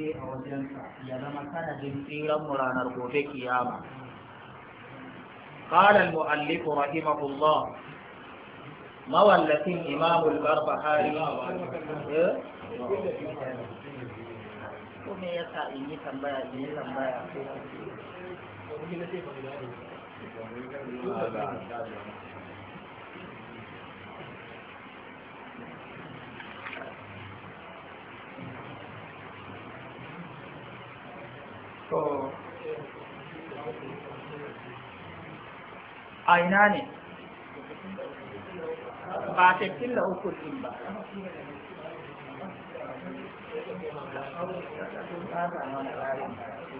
haske a wajensa ya zama sanadin tsiran mu ranar gobe kiyama قال المؤلف رحمه الله mawallafin imamul barbahari eh? ko me yasa in yi tambaya in yi tambaya ko to a ina ne ba tattun da hukuncin ba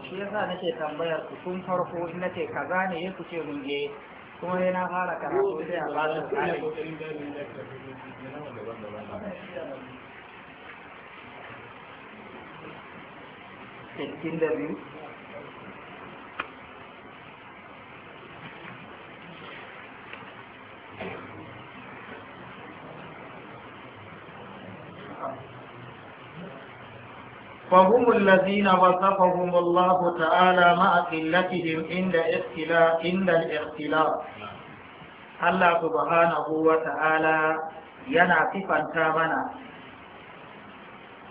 shi ya sa nake tambayar ku sun farko in nace kaza ne ya kuce mun je eh. kuma ya na fara karatu sai a ba su kare sittin فهم الذين وصفهم الله تعالى مع قلتهم عند اختلاف عند الاختلاف الله سبحانه وتعالى yana sifanta mana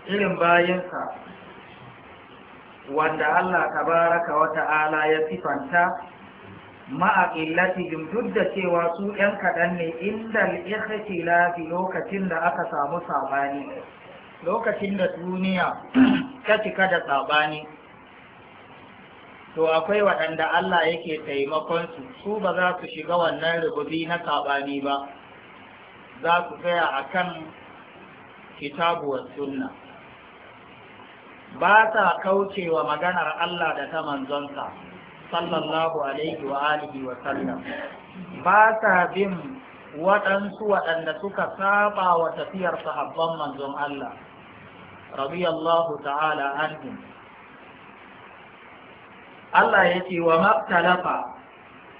irin bayinsa wanda Allah tabaraka wa ta'ala ya sifanta ma'a illatihim duk da cewa su ‘yan kaɗan ne inda ikhtilafi lokacin da aka samu sabani. lokacin da duniya ta cika da saɓani to akwai waɗanda Allah yake taimakonsu su ba za su shiga wannan rububi na saɓani ba za su tsaya a kan kitabuwar sunna ba ta kaucewa maganar Allah da ta manzonsa sallallahu alaihi wa alihi wa sallam ba ta bin waɗansu waɗanda suka saba wa tafiyar sahabban manzon Allah رضي الله تعالى عنهم الله يتي وما اختلف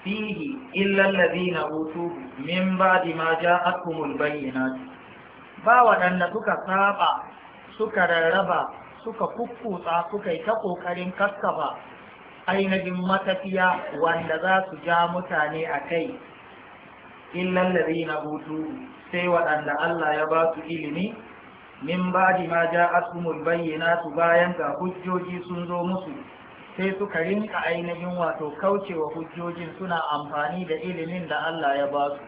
فيه إلا الذين أوتوه من بعد ما جاءتهم البينات باوة أن سكا سابا سكا ربا سكا كفوطا سكا يتقو كريم كسبا أين جمتكيا وأن ذا سجامتاني أكي إلا الذين أوتوه سيوة أن الله يبات إلمي min ba di ma ja bayyana su bayan ga hujjoji sun zo musu sai suka rinka ainihin wato kaucewa hujjojin suna amfani da ilimin da Allah ya ba su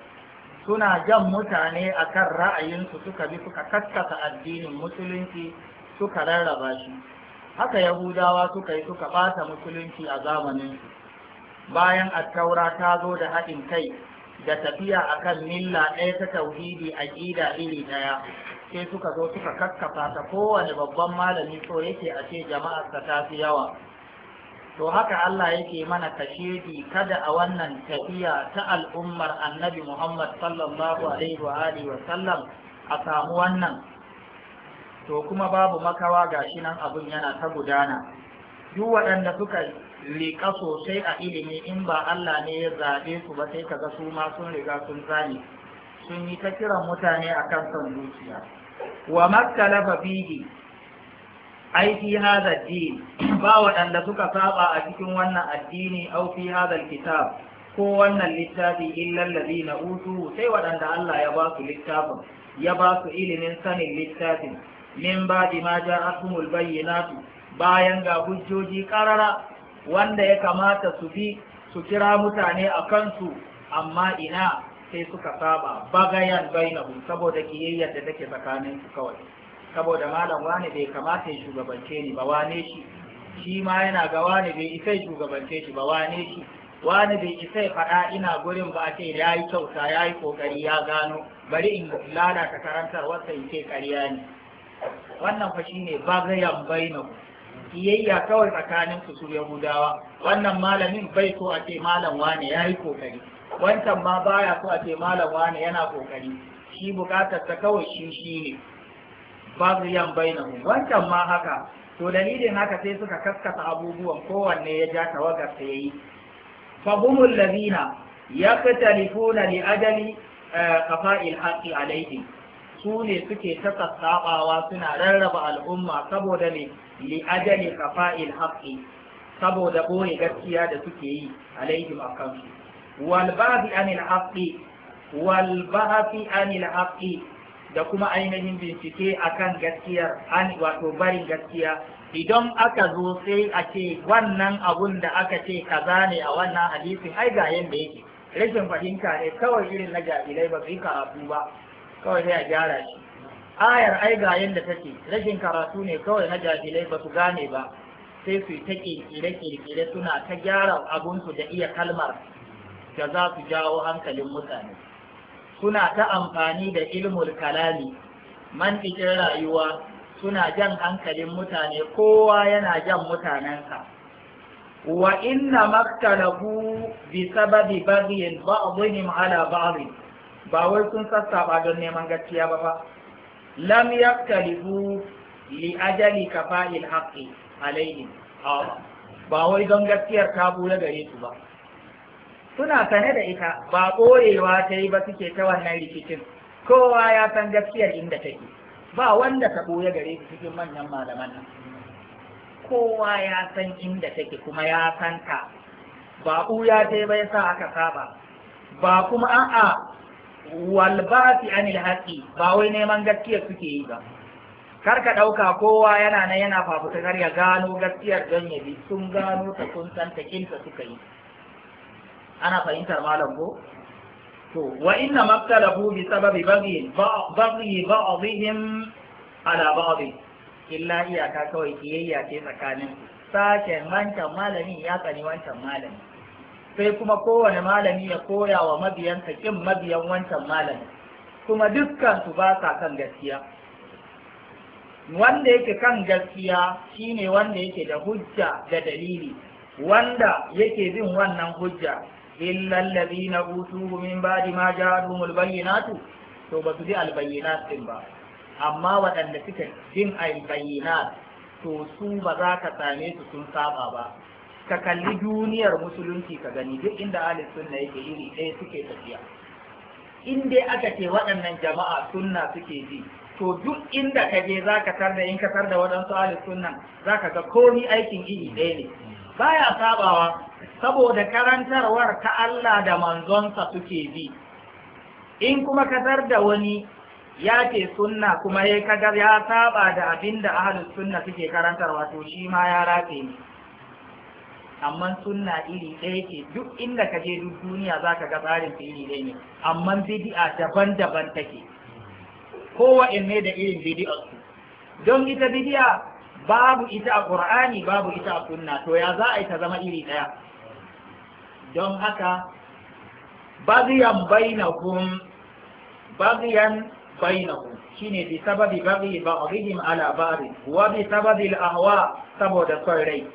suna jan mutane akan ra'ayinsu suka bi suka kaskasa addinin musulunci suka rarraba shi haka yahudawa suka yi suka ɓata musulunci a zamaninsu bayan attaura ta zo da haɗin kai da tafiya akan milla ɗaya ta tauhidi aƙida iri ɗaya sai suka zo suka kakkafa ta kowane babban malami so yake a ce jama'arsa ta tafi yawa to haka Allah yake mana kashedi kada a wannan tafiya ta al'ummar annabi Muhammad sallallahu alaihi wa alihi wa sallam a samu wannan to kuma babu makawa gashi nan abun yana ta gudana duk waɗanda suka liƙa sosai a ilimi in ba Allah ne ya zaɓe su ba sai kaga su ma sun riga sun zane sun yi ta kiran mutane akan son zuciya wa fa fihi ai fi hadha din ba wadanda suka saba a cikin wannan addini au fi hadha kitab ko wannan littafi illal ladina utu sai wadanda Allah ya ba su littafin ya ba su ilimin sanin littafin min ba di ma ja'atumul bayyinatu bayan ga hujjoji karara wanda ya kamata su fi su kira mutane a kansu amma ina sai suka saba bagayan bainahum saboda kiyayyar da take tsakanin su kawai saboda malam wani bai kamata ya shugabance ni ba wane shi shi ma yana ga wani bai isa shugabance shi ba wane shi wani bai isa faɗa ina gurin ba a ce ya yi kyauta ya yi ƙoƙari ya gano bari in lalata karantar wata in ce ƙarya ne wannan fa shine bagayan bainahum kiyayya kawai tsakanin su su Yahudawa wannan malamin bai so a ce malam wane ya yi kokari wancan ma baya so a ce malam wani yana kokari shi bukatar ta kawai shi shi ne bagiyan bainahum wancan ma haka to dalilin haka sai suka kaskasa abubuwan kowanne ya ja tawagar ta yayi ya ladina yaqtalifuna li ajali eh, qafa'il haqqi alaihim su ne suke ta sassaɓawa suna rarraba al'umma saboda ne li ajali qafa'il haqqi saboda ɓoye gaskiya da suke yi alaihim akan su والبعث عن الحق والبحث عن الحق da kuma ainihin bincike akan gaskiyar an wato barin gaskiya idan aka zo sai a ce wannan abun da aka ce kaza ne a wannan hadisin ai ga yanda yake rashin fahimta ne kawai irin na jahilai ba su yi karatu ba kawai sai a gyara shi ayar ai ga yanda take rashin karatu ne kawai na jahilai ba su gane ba sai su yi ta kirkire-kirkire suna ta gyara abun su da iya kalmar da za su jawo hankalin mutane suna ta amfani da ilmul kalami mantikin rayuwa suna jan hankalin mutane kowa yana jan mutanensa wa inna maktalabu bi sababi baghin ba'dihim ala ba'd ba wai sun sassaba don neman gaskiya ba fa lam yaktalibu li ajali kafa'il haqqi alaihim ba wai don gaskiyar ta bula gare su ba suna sane da ita ba ɓoyewa ta yi ba suke ta wannan rikicin kowa ya san gaskiyar inda take ba wanda ta ɓoye gare su cikin manyan malaman nan kowa ya san inda take kuma ya san ta ba ɓuya ta yi ba ya sa aka saba ba kuma a'a walbasi anil haƙi ba wai neman gaskiyar suke yi ba kar ka ɗauka kowa yana nan yana fafutukar ya gano gaskiyar don ya bi sun gano ta sun san ta kinta suka yi ana fahimtar malam ko to wa inna maktalahu bi sababi baghi baghi ba'dihim ala ba'di illa iyaka kawai kiyayya ce tsakanin sashen wancan malamin ya tsani wancan malami sai kuma kowane malami ya koya wa mabiyansa kin mabiyan wancan malami kuma dukkan su ba sa kan gaskiya wanda yake kan gaskiya shine wanda yake da hujja da dalili wanda yake bin wannan hujja illa alladhina utuhu min ba'di ma ja'atuhumul bayyinatu to ba su ji albayyinat din ba amma waɗanda suka jin albayyinat to su ba za ka same su sun saba ba ka kalli duniyar musulunci ka gani duk inda ahli sunna yake iri ɗaya suke tafiya in aka ce waɗannan jama'a sunna suke ji to duk inda ka je za ka tarda in ka tarda waɗansu ahli sunnan za ka ga komi aikin iri ɗaya ne baya sabawa saboda karantarwar ta Allah da manzonsa suke bi in kuma kadar da wani ya ce sunna kuma ya kadar ya saba da abinda da ahalus sunna suke karantarwa to shi ma ya rafe ne amma sunna iri ɗaya ce duk inda ka je duk duniya za ka ga tsarin iri ɗaya ne amma bidi'a daban-daban take kowa ne da irin bidi'ar don ita bidi'a babu ita a ƙur'ani babu ita a sunna to ya za a yi ta zama iri ɗaya don haka bagiyan bainahum bagiyan shi ne bi sababi ba ba'dihim ala ba'd wa bi sababi ahwa saboda son rai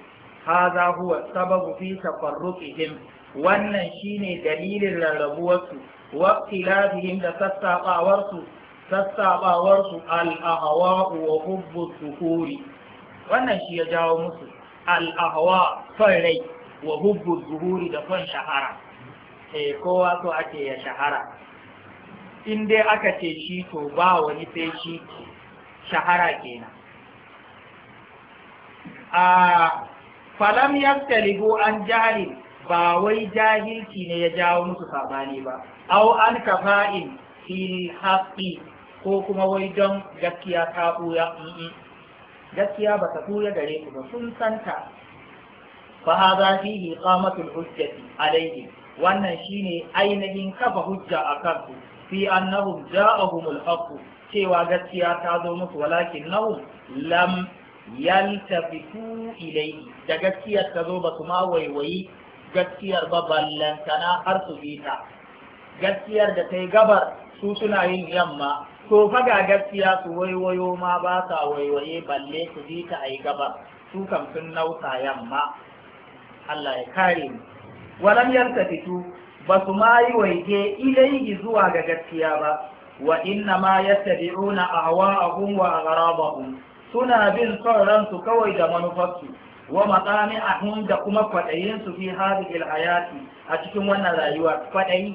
hadha huwa sababu fi rukihim wannan shi ne dalilin rarrabuwarsu wa ikhtilafihim da sassaɓawarsu sassaɓawarsu al wa hubbu suhuri wannan shi ya jawo musu al’ahawa son rai wa hubbun zuhuri da son shahara eh kowa so ake ya shahara in dai aka ce shi to ba wani sai shi shahara kenan a falam yaftalibu an jahil ba wai jahilci ne ya jawo musu sabani ba au an kafa'in fil haqqi ko kuma wai don gaskiya ta buya gaskiya ba ta tura gare ku ba sun santa fa hadha fihi qamatul hujjati alayhi wannan shine ainihin kafa hujja akan su fi annahum ja'ahumul haqq cewa gaskiya ta zo musu walakin nahum lam yaltafitu ilayhi da gaskiyar ta zo ba su ma gaskiyar ba ballantana har su bi gaskiyar da ta yi gabar su suna yin yamma to fa ga gaskiya su waiwayo ma ba sa waiwaye balle su ji ta ai gaba su kan sun nausa yamma Allah ya kare mu walam yaltafitu ba su ma yi waige ilaihi zuwa ga gaskiya ba wa inna ma yattabi'una ahwa'ahum wa aghrabahum suna bin son ransu kawai da manufarsu wa matsami ahun da kuma su fi hadhihi al-hayati a cikin wannan rayuwa kwaɗayi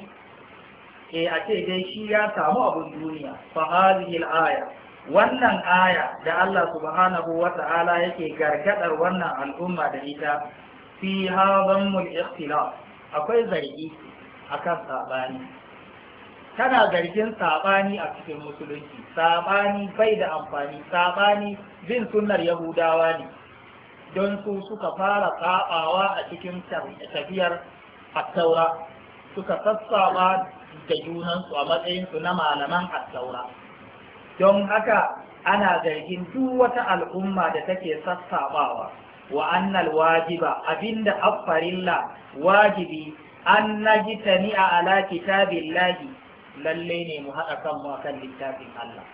eh a ce dai shi ya samu abun duniya fa hadhihi al-aya wannan aya da Allah subhanahu wa ta'ala yake gargadar wannan al'umma da ita fi hadhammul ikhtilaf akwai zargi akan sabani tana zargin sabani a cikin musulunci sabani bai da amfani sabani bin sunnar yahudawa ne don su suka fara tsabawa a cikin tafiyar taura suka sassaba da junansu a matsayinsu na malaman Saura. don haka ana zargin duk wata al'umma da take sassabawa wa annal wajiba abinda affarilla wajibi an najtani a ala Lahi. lalle ne mu haɗa kanmu kan littafin Allah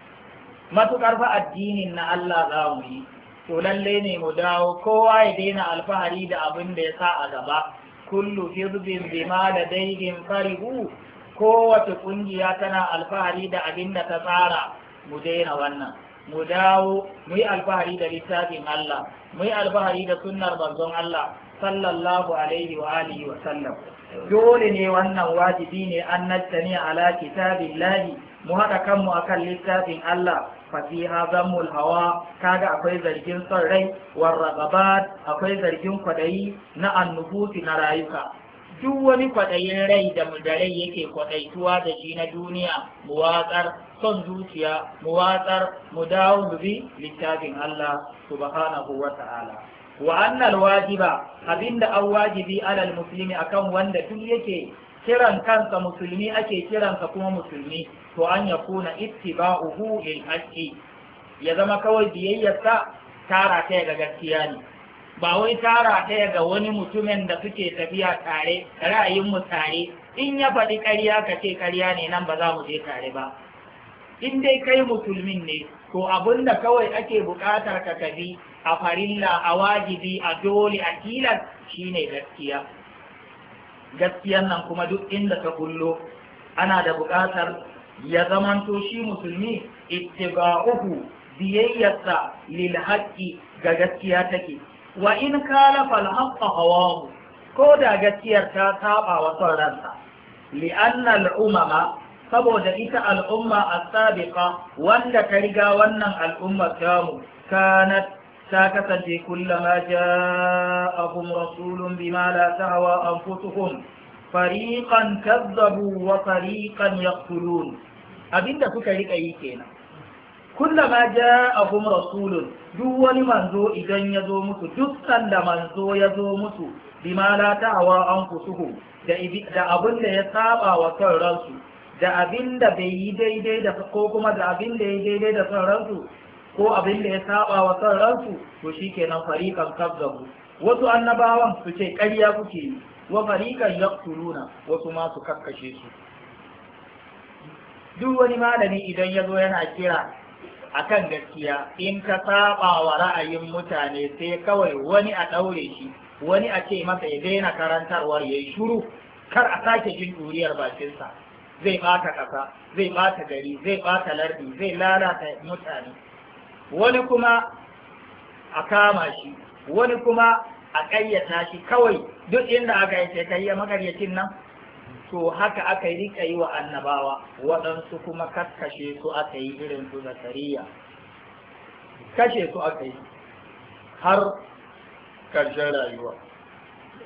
matukar fa addinin na Allah za mu yi to lalle ne mu dawo kowa ya daina alfahari da abin da ya sa a gaba kullu hizbin bima ladaihim farihu kowace kungiya tana alfahari da abin da ta tsara mu daina wannan mu dawo mu yi alfahari da littafin Allah mu yi alfahari da sunnar manzon Allah sallallahu alaihi wa alihi wa sallam dole ne wannan wajibi ne an nattani ala kitabillahi mu haɗa kanmu akan littafin Allah fasiha zammul hawa kaga akwai zargin son rai warragabat akwai zargin kwadayi na annubuti na rayuka duk wani kwaɗayin rai da rai yake kwaɗaituwa da shi na duniya muwatsar son zuciya muwatsar watsar mu dawo mu bi littafin Allah subhanahu wa ta'ala wa annal wajiba abinda an wajibi alal muslimi akan wanda duk yake kiran kansa musulmi ake kiransa kuma musulmi to an ya kuna ittiba'uhu lil haqqi ya zama kawai biyayyarsa tara kai ga gaskiya ne ba wai tara ɗaya ga wani mutumin da suke tafiya tare ra'ayinmu tare in ya faɗi ƙarya ka ce ƙarya ne nan ba za mu je tare ba in dai kai musulmin ne to abin da kawai ake buƙatar ka tafi a farilla a wajibi a dole a tilas shine gaskiya gaskiyan nan kuma duk inda ka kullo ana da buƙatar ya zamanto shi musulmi ittiba'uhu biyayyarsa lil haqqi ga gaskiya take wa in kalafa al-haqqa hawahu ko da gaskiyar ta saba wa son ransa li'anna saboda ita al'umma as-sabiqa wanda ta riga wannan al'umma tamu kanat ta kasance kullama ja'ahum rasulun bima la tahwa anfusuhum fariqan kazzabu wa fariqan yaqtulun abinda kuka rika yi kenan a kuma rasulun duk wani manzo idan ya zo musu duk sanda manzo ya zo musu ma la ta'wa anfusuhum da da abin da ya saba wa kan ransu da abin da bai yi daidai da ko kuma da abin da ya daidai da kan ransu ko abin da ya saba wa kan ransu to shikenan fariqan kazzabu wasu annabawan su ce ƙarya kuke yi wa fariqan yaqtuluna wasu ma su kakkashe su duk wani malami idan ya zo yana kira akan gaskiya in ka saba wa ra'ayin mutane sai kawai wani a ɗaure shi wani a ce masa ya daina karantarwar ya yi shuru kar a sake jin ɗuriyar bakinsa zai ɓata ƙasa zai ɓata gari zai ɓata lardi zai lalata mutane wani kuma a kama shi wani kuma a ƙayyata shi kawai duk inda aka yi sai yi ya makaryacin nan to haka aka yi rika yi wa annabawa waɗansu kuma kaskashe su aka yi irin su zakariya kashe su aka yi har ƙarshen rayuwa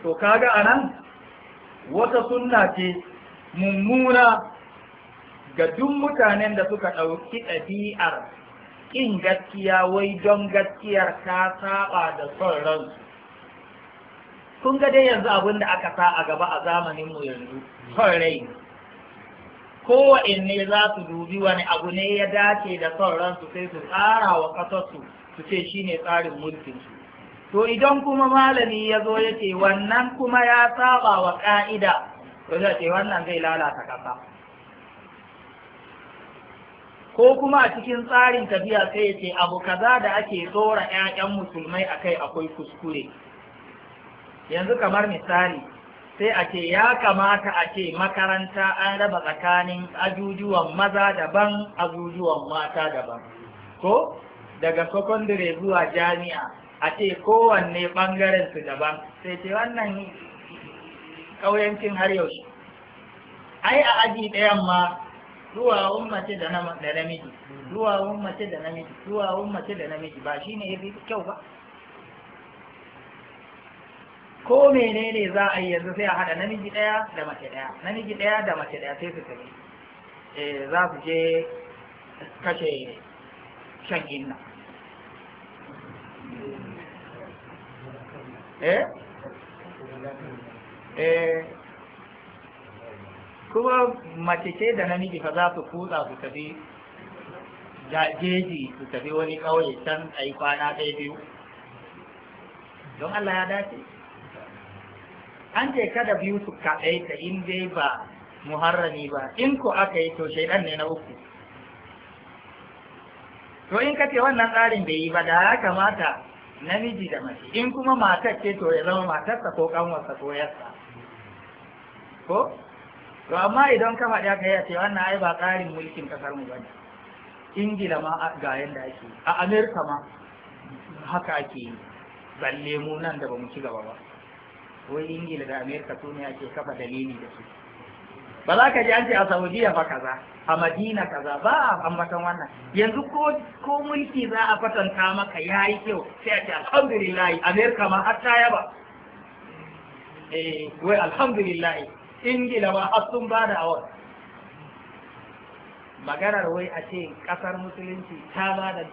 to kaga a nan wata sunna ce mummuna ga duk mutanen da suka ɗauki ɗabi'ar ƙin gaskiya wai don gaskiyar ta saba da son ransu kun ga dai yanzu abin da aka sa a gaba a zamaninmu mu yanzu son rai kowanne za su dubi wani abu ne ya dace da son ransu sai su tsara wa ƙasarsu su ce shi ne tsarin mulkin to idan kuma malami ya zo ya ce wannan kuma ya saba wa ƙa'ida to zai ce wannan zai lalata ƙasa ko kuma a cikin tsarin tafiya sai ya ce abu kaza da ake tsora 'ya'yan musulmai akai akwai kuskure yanzu kamar misali sai a ce ya kamata a ce makaranta an raba tsakanin ajujuwan maza daban ajujuwan mata daban ko daga sakandare zuwa jami'a a ce kowanne ɓangaren su daban sai ce wannan ƙauyancin har yaushe ai a aji ɗayan ma zuwa mace da namiji ba mace da namiji duwawun da namiji ba kyau ba ko menene za a yi yanzu sai a haɗa namiji ɗaya da mace ɗaya namiji ɗaya da mace ɗaya sai su tafi eh, za su je kashe shan inna eh eh kuma mace ce da namiji fa za su kutsa su tafi da jeji su tafi wani kauye can a yi kwana ɗaya biyu don Allah ya dace an ce kada biyu su kaɗai ta in dai ba muharrami ba in ko aka yi to shaidan ne na uku to in ka ce wannan tsarin bai yi ba da ya kamata namiji da mace in kuma matar ce to ya zama matarsa ko kanwarsa ko yarsa ko to amma idan ka faɗi aka yi a ce wannan ai ba tsarin mulkin kasar mu ne. ingila ma ga yanda ake a amerika ma haka ake yi balle mu nan da ba mu ci gaba ba wai ingila da amerika su ne ake kafa dalili da su ba za ka ji an ce a saudiya ba kaza a madina kaza ba a ambatan wannan yanzu ko mulki za a kwatanta maka ya yi kyau sai a ce alhamdulillahi amerika ma har ta yaba eh wai alhamdulillahi ingila ma har sun ba da awon maganar wai a ce kasar musulunci ta ba da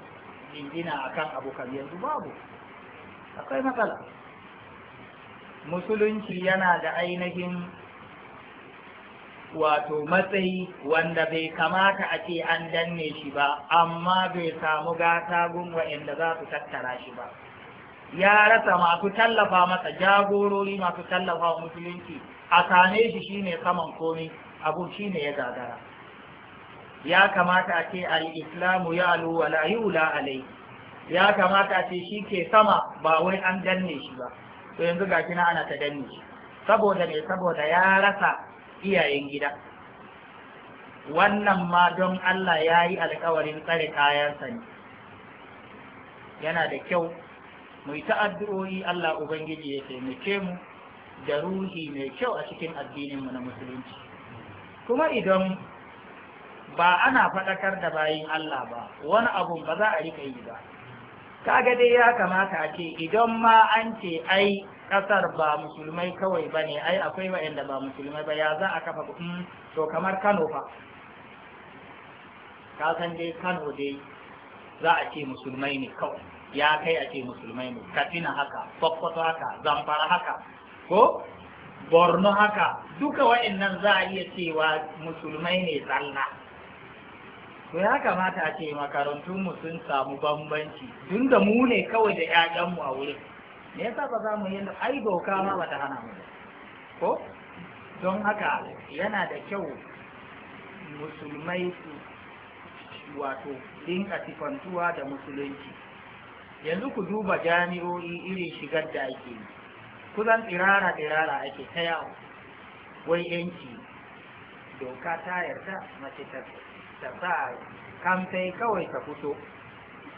jindina akan kan abokan yanzu babu akwai matsala musulunci yana da ainihin wato matsayi wanda bai kamata a ce an danne shi ba amma bai samu gata gun waɗanda za su tattara shi ba ya rasa masu tallafa masa jagorori masu tallafa musulunci a same shi shine saman komi abu shine ya gagara ya kamata a ce al-islamu ya alu yi wula alai ya kamata a ce shi ke sama ba wai an danne shi ba to yanzu ga shi na ana ta danne saboda ne saboda ya rasa iyayen gida wannan ma don Allah ya yi alkawarin tsare kayansa ne yana da kyau mu yi ta'addu'o'i Allah Ubangiji ya taimake mu da ruhi mai kyau a cikin addininmu na musulunci kuma idan ba ana faɗakar da bayin Allah ba wani abu ba za a rika yi ba kaga dai ya kamata a ce idan ma an ce ai kasar ba musulmai kawai ba ne ai akwai waɗanda ba musulmai ba ya za a kafa kuɗin mm, to kamar kano fa ka san dai kano dai za a ce musulmai ne kawai ya kai a ce musulmai ne katsina haka kwakwato haka zamfara haka ko borno haka duka waɗannan za a iya cewa musulmai ne tsalla to ya kamata a ce makarantunmu sun samu bambanci tun da mu ne kawai da 'ya'yanmu a wurin me yasa ba za mu yi ai doka ma ta hana mu ko don haka yana da kyau musulmai su wato dinka sifantuwa da musulunci yanzu ku duba jami'o'i irin shigar da ake yi kusan tsirara tsirara ake ta yawo wai yanci doka ta yarda mace ta ta sa kamfai kawai ta fito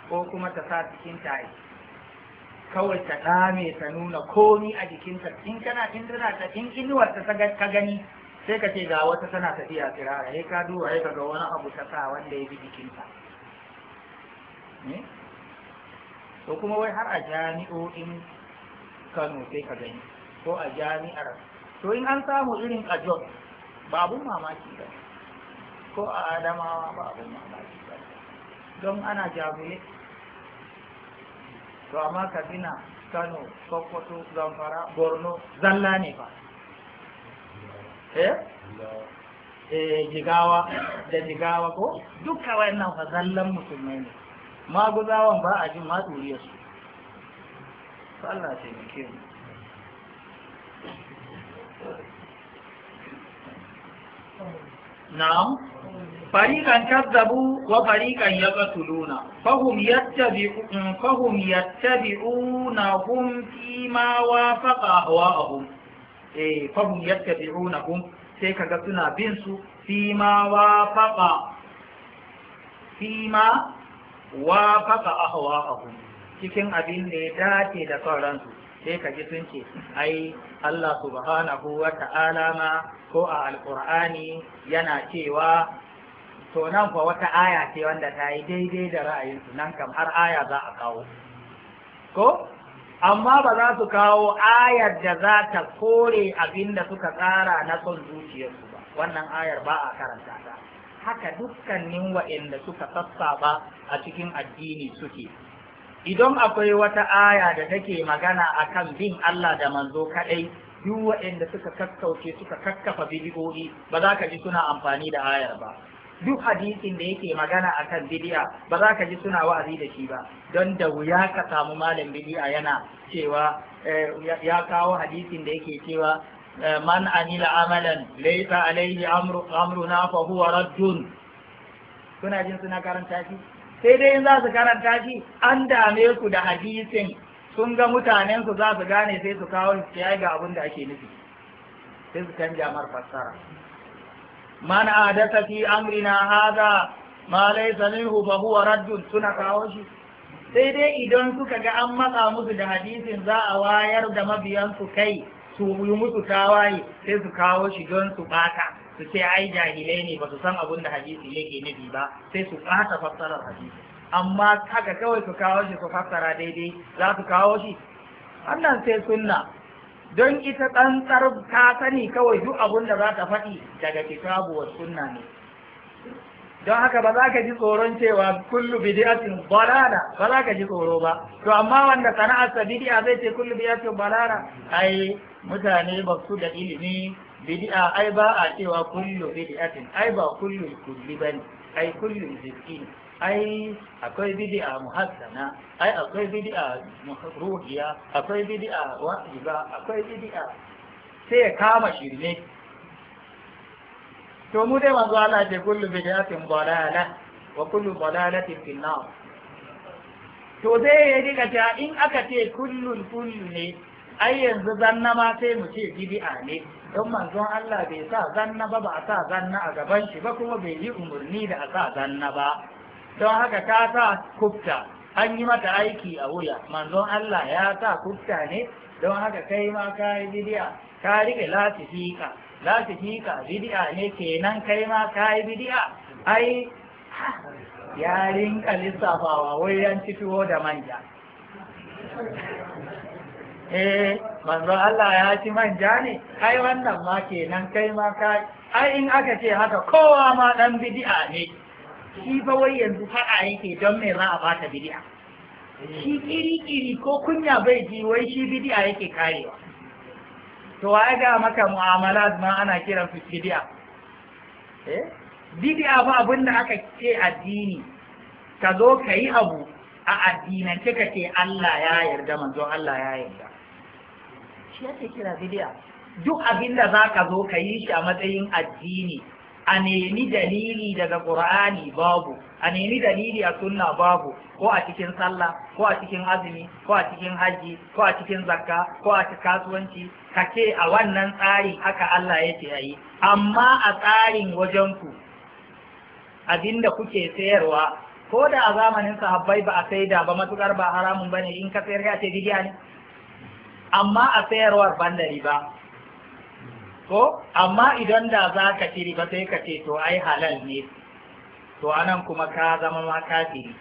ko kuma ta sa cikin tayi kawai ta dame ta nuna komi a jikinta in kana in tana ta in inuwar ta ka gani sai ka ce ga wata tana tafiya tsirara sai ka duba sai ga wani abu ta sa wanda ya bi jikinta eh? to kuma wai har a jami'o'in Kano sai ka gani ko a jami'ar to in an samu irin a Jos ba abun mamaki ba ko a adamawa ba abin mamaki ba don ana jagule to amma katsina kano sokoto zamfara borno zalla ne ba eh eh jigawa da jigawa ko dukka wayannan fa zallan musulmai ne maguzawan ba a jin matsuriyar su Allah ce muke mu na'am Fariƙan kazzabu wa fariqan yaqtuluna fahum yattabi'un mm, fahum yattabi'una hum fi ma wa hawahum eh fahum yattabi'una hum sai kaga suna bin su fi ma wa wafaqa fi ma wafaqa ahwahum cikin abin da ya dace da sauransu sai ka ji sun ce ai Allah subhanahu wa ta'ala ma ko a alqur'ani yana cewa to nan fa wata aya ce wanda ta yi daidai da ra'ayinsu nan kam har aya za a kawo ko amma ba za su kawo ayar da za ta kore abin da suka tsara na son zuciyarsu ba wannan ayar ba a karanta ta haka dukkanin wa'inda suka sassaba a cikin addini suke idan akwai wata aya da take magana akan bin Allah da manzo kaɗai, duk wa'inda suka kakkauce suka kakkafa bidiyoyi ba za ka ji suna amfani da ayar ba duk hadisin da yake magana a kan bidiya, ba za ka ji suna wa'azi da shi ba don da wuya ka samu malam bidiya yana cewa eh, ya kawo hadisin da yake cewa eh, man anila amalan laysa alayhi amru amruna fa huwa raddun kuna jin suna karanta shi sai dai in za su karanta shi an dame ku da hadisin sun ga mutanen su za su gane sai su kawo su ga abin da ake nufi sai su canja mar fassara man adata fi amrina hada ma laysa minhu fa huwa raddun suna kawo shi sai dai idan suka ga an matsa musu da hadisin za a wayar da mabiyan su kai su yi musu tawaye sai su kawo shi don su bata su ce ai jahilai ne ba su san abin da hadisi yake nufi ba sai su bata fassarar hadisi amma haka kawai su kawo shi su fassara daidai za su kawo shi wannan sai sunna don ita tsantsar ta sani kawai duk abin da za ta faɗi daga kitabu wa sunna ne don haka ba za ka ji tsoron cewa kullu bidiyatin balala ba za ka ji tsoro ba to amma wanda sana'ar sa bidiya zai ce kullu bidiyatin balala ai mutane ba su da ilimi bidiya ai ba a cewa kullu bidiyatin ai ba kullu kulli bane ai kullu zikki ai akwai bid'a muhassana ai akwai bid'a ruhiya akwai bid'a wa'iba akwai bid'a sai ya kama shirme to mu dai manzo Allah ce kullu bid'atin dalala wa kullu dalalatin fil nar to dai ya diga ta in aka ce kullun kullu ne ai yanzu zanna ma sai mu ce bid'a ne don manzon Allah bai sa zanna ba ba a sa zanna a gaban shi ba kuma bai yi umarni da a sa zanna ba don haka ta sa kufta an yi mata aiki a wuya manzon Allah ya sa kufta ne don haka kai ma ka yi bidiya ka rike latifika latifika bidiya ne kenan kai ma ka yi bidiya ai ya rinka lissafawa wurin fito da manja eh manzon Allah ya ci manja ne ai wannan ma kenan kai ma ka ai in aka ce haka kowa ma dan bidiya ne shi fa wai yanzu faɗa yake don me za a bata bidi'a? shi kiri-kiri ko kunya bai ji wai shi bidi'a yake karewa to wa ga maka mu'amala? ma ana kiran su Bidi'a eh ba fa abin da aka ce addini ka zo ka yi abu a addinan ka ce Allah ya yarda manzo Allah ya yarda shi yake kira bidi'a? duk abin da za ka zo ka yi shi a matsayin addini a nemi dalili daga ƙur'ani babu a nemi dalili a sunna babu ko a cikin sallah ko a cikin azumi ko a cikin hajji ko a cikin zakka ko a cikin kasuwanci ka a wannan tsari haka Allah ya ce yi amma a tsarin wajen ku abinda kuke sayarwa ko da a zamanin sahabbai ba a saida ba matukar ba haramun bane in ka sayar ya ce bidiya ne amma a sayarwar bandari ba ko amma idan da za ka shiri ba sai ka ce to ai halal ne to anan kuma ka zama ma kafiri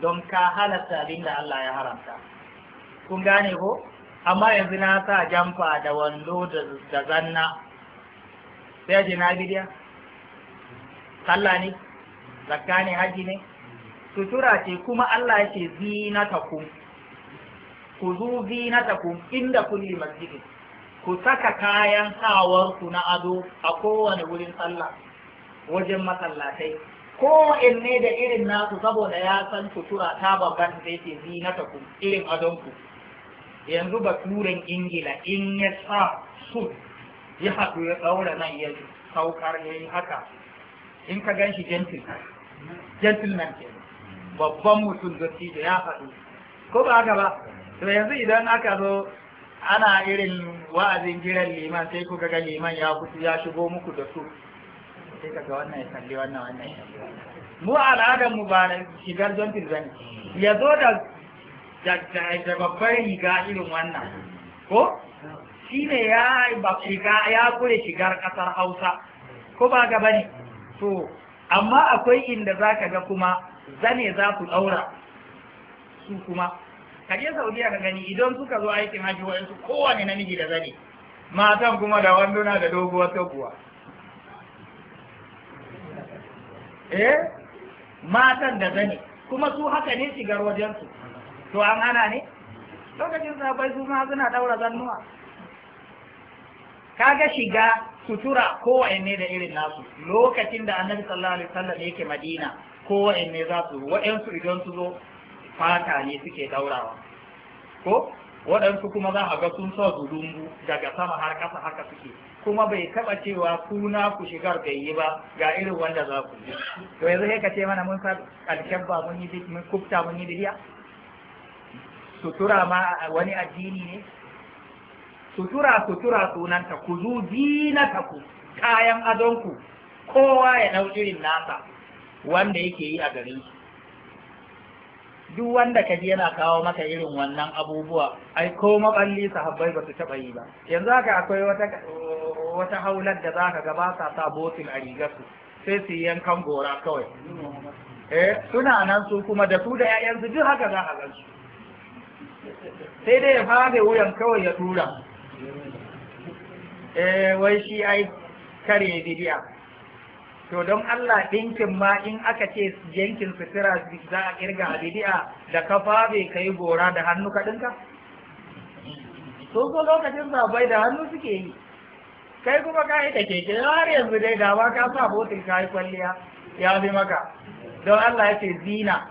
don ka halatta abin da Allah ya haramta kun gane ko amma yanzu na sa jamfa da wando da zanna sai je na bidiya sallah ne zakka ne haji ne sutura ce kuma Allah ya ce zinatakum ku zu zinatakum inda kulli masjidin ku saka kayan sawarku na ado a kowane wurin sallah wajen masallatai ne da irin nasu saboda ya san sutura ta babban zai ce zinata ku irin adonku yanzu ba turin ingila in ya sa su ya haɗu ya ɗaura nan ya saukar ya yi haka in ka gan shi gentleman gentleman ke babban mutum da ya haɗu ko ba haka ba to yanzu idan aka zo ana irin wa'azin jiran liman sai kuka ga liman ya kusa ya shigo muku da su sai kaga wannan ya kalli wannan wannan ya mu al'adar mu ba na shigar don tilbani ya zo da da babbar riga irin wannan ko shi ne ya ya kure shigar ƙasar hausa ko ba gaba ne to amma akwai inda za ka ga kuma zane za ku ɗaura su kuma kaje saudiya ka gani idan suka zo aikin haji wa'insu kowane namiji da zane matan kuma da wanduna da doguwar kuwa eh matan da zane kuma su haka ne shigar wajensu to an hana ne lokacin sabai su ma suna daura zannuwa kaga shiga sutura ne da irin nasu lokacin da annabi sallallahu alaihi wasallam yake madina ne za su wa'ansu idan su zo fata ne suke daurawa ko waɗansu kuma za a ga sun sa zulungu daga sama har ƙasa haka suke kuma bai taɓa cewa kuna ku shigar da yi ba ga irin wanda za ku yi to yanzu ka ce mana mun sa ƙarshen ba mun yi mun kufta mun yi bidiya sutura ma wani addini ne sutura sutura sunanta ku zu dinata ku kayan adonku kowa ya ɗau irin nasa wanda yake yi a garin duk wanda kaji yana kawo maka irin wannan abubuwa ai ko maballi sahabbai ba su taɓa yi ba yanzu haka akwai wata wata haular da zaka ga ba sa sa botin a rigarsu sai su yi yankan gora kawai eh suna nan su kuma da su da 'ya'yansu duk haka za a gan sai dai ya fara wuyan kawai ya tura eh wai shi ai kare bidiya to don Allah ɗinkin ma in aka ce yankin sutura za a kirga a bidi'a da kafa bai kai gora da hannu ka ɗinka so lokacin sabai da hannu suke yi kai kuma ka yi da keke har yanzu dai da ba ka sa botin ka yi kwalliya ya bi maka don Allah ya ce zina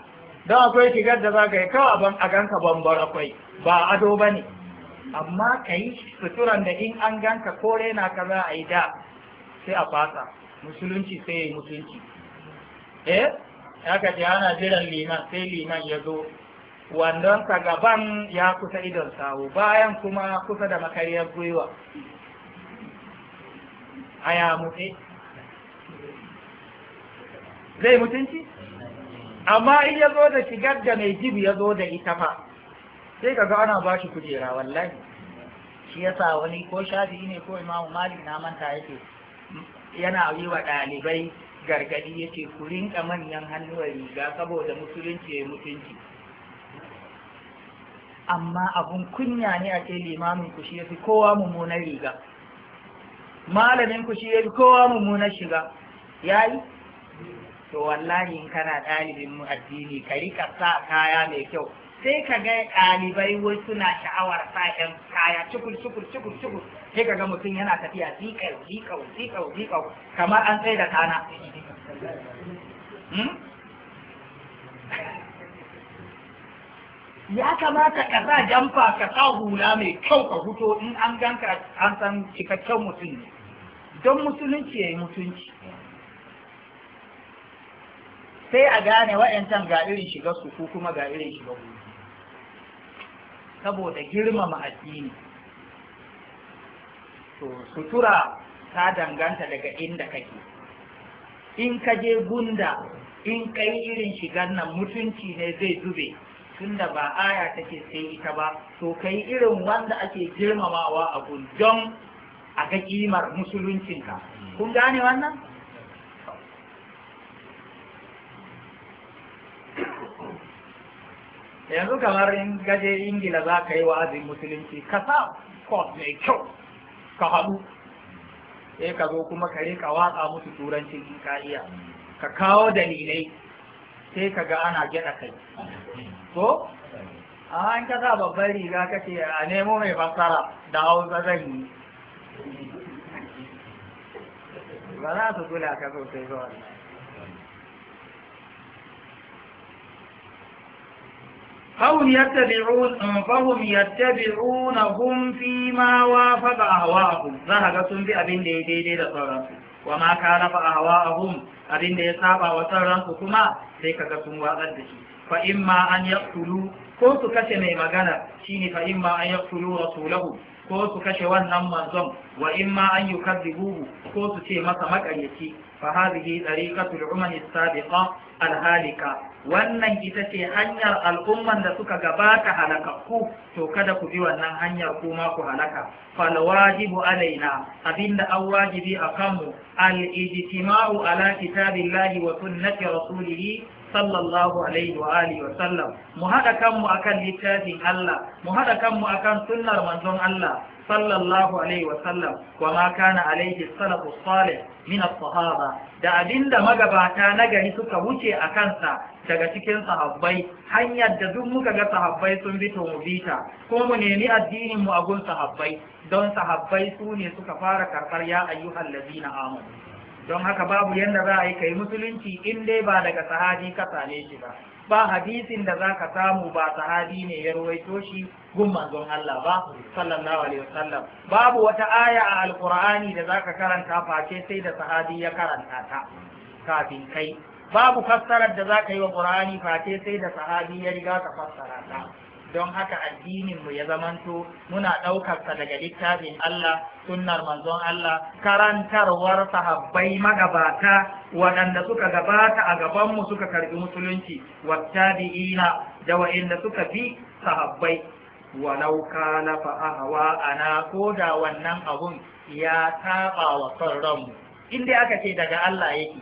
don akwai shigar da za ka yi kawai a ganka bambar akwai ba ado ba ne amma ka yi suturan da in an ganka kore na ka za a yi da sai a fasa musulunci sai ya yi musulunci eh aka ce ana jiran liman sai liman ya zo wandon ka gaban ya kusa idon sawu bayan kuma kusa da makariyar gwiwa a ya mutse zai mutunci amma in ya zo da shigar da mai jibi ya zo da ita fa sai ka ga ana ba shi kujera wallahi shi sa wani ko shafi ne ko imamu malik na manta yake yana yi wa ɗalibai gargadi ya ce ku rinƙa manyan hannuwar riga saboda musulunci ya mutunci amma abun kunya ne a ce limamin ku shi ya fi kowa mummunar riga malamin ku shi ya fi kowa mummunar shiga yayi to wallahi in kana ɗalibin mu addini ka rika sa kaya mai kyau sai ka ga ɗalibai wai suna sha'awar sa 'yan kaya cukur cukur cukur cukur sai ga mutum yana tafiya zikau zikau kamar an tsaye da tana hmm? ya kamata ka sa jamfa ka sa hula mai kyau ka huto in an ganka an san cikakken mutum ne don musulunci ya yi mutunci sai a gane wa'yancan ga irin shiga su ko kuma ga irin shiga saboda girmama addini to sutura ta danganta daga inda kake in ka je gunda in kai irin shigar nan mutunci ne zai zube tunda ba aya take sai ita ba to kai irin wanda ake girmamawa a gundon a ga kimar musuluncinka kun gane wannan yanzu kamar in gaje ingila za ka yi wa'azin musulunci ka sa mai kyau ka haɗu sai ka zo kuma ka rika watsa musu turancin ka'iya ka kawo dalilai sai ka ga ana gyaɗa kai to an ka sa babban riga kace a nemo mai fassara da hausa zan yi ba za su kula ka sosai ba wannan hawun yattabi'un fahum yattabi'unahum fi ma wafaqa ahwa'ahum za ka ga sun bi abin ya daidai da sauransu wa ma kana fa ahwa'ahum abin da ya saɓa wa sauransu kuma sai ka ga sun watsar da shi fa an yaqtulu ko su kashe mai magana shine fa imma an yaqtulu rasulahu ko su kashe wannan manzon wa imma an yukadibuhu ko su ce masa makaryaci fa hadhihi tariqatul umam as-sabiqa al-halika wannan ita ce hanyar al'umman da suka gabata halakakku to kada ku bi wannan hanyar kuma ku halaka fal wajibu alaina abinda an wajibi a kanmu al-ijtima'u ala kitabillahi wa sunnati rasulihi sallallahu alaihi wa alihi wa sallam mu haɗa kanmu akan littafin Allah mu haɗa kanmu akan sunnar manzon Allah sallallahu alaihi wa sallam wa ma kana alaihi salafu salih min as-sahaba da abinda magabata na gari suka wuce a kansa daga cikin sahabbai hanyar da duk muka ga sahabbai sun bi to mu bita ko mu nemi addinin mu a gun sahabbai don sahabbai su ne suka fara karɓar ya ayyuhal ladina amanu don haka babu yadda za a yi kai musulunci in dai ba daga sahabi ka same shi ba ba hadisin da za ka samu ba sahabi ne ya ruwaito shi gun manzon Allah ba sallallahu alaihi wasallam babu wata aya a alqur'ani da zaka karanta face sai da sahabi ya karanta ta kafin kai babu fassarar da za ka yi wa qur'ani face sai da sahabi ya riga ka fassara ta don haka addininmu ya zamanto muna ɗaukarsa daga littafin Allah sunnar manzon Allah karantarwar sahabbai magabata waɗanda suka gabata a gabanmu suka karbi musulunci wattabi'ina da wa'inda suka bi sahabbai walau kana fa ahwa ana koda wannan abun ya taba wa son ranmu inda aka ce daga Allah yake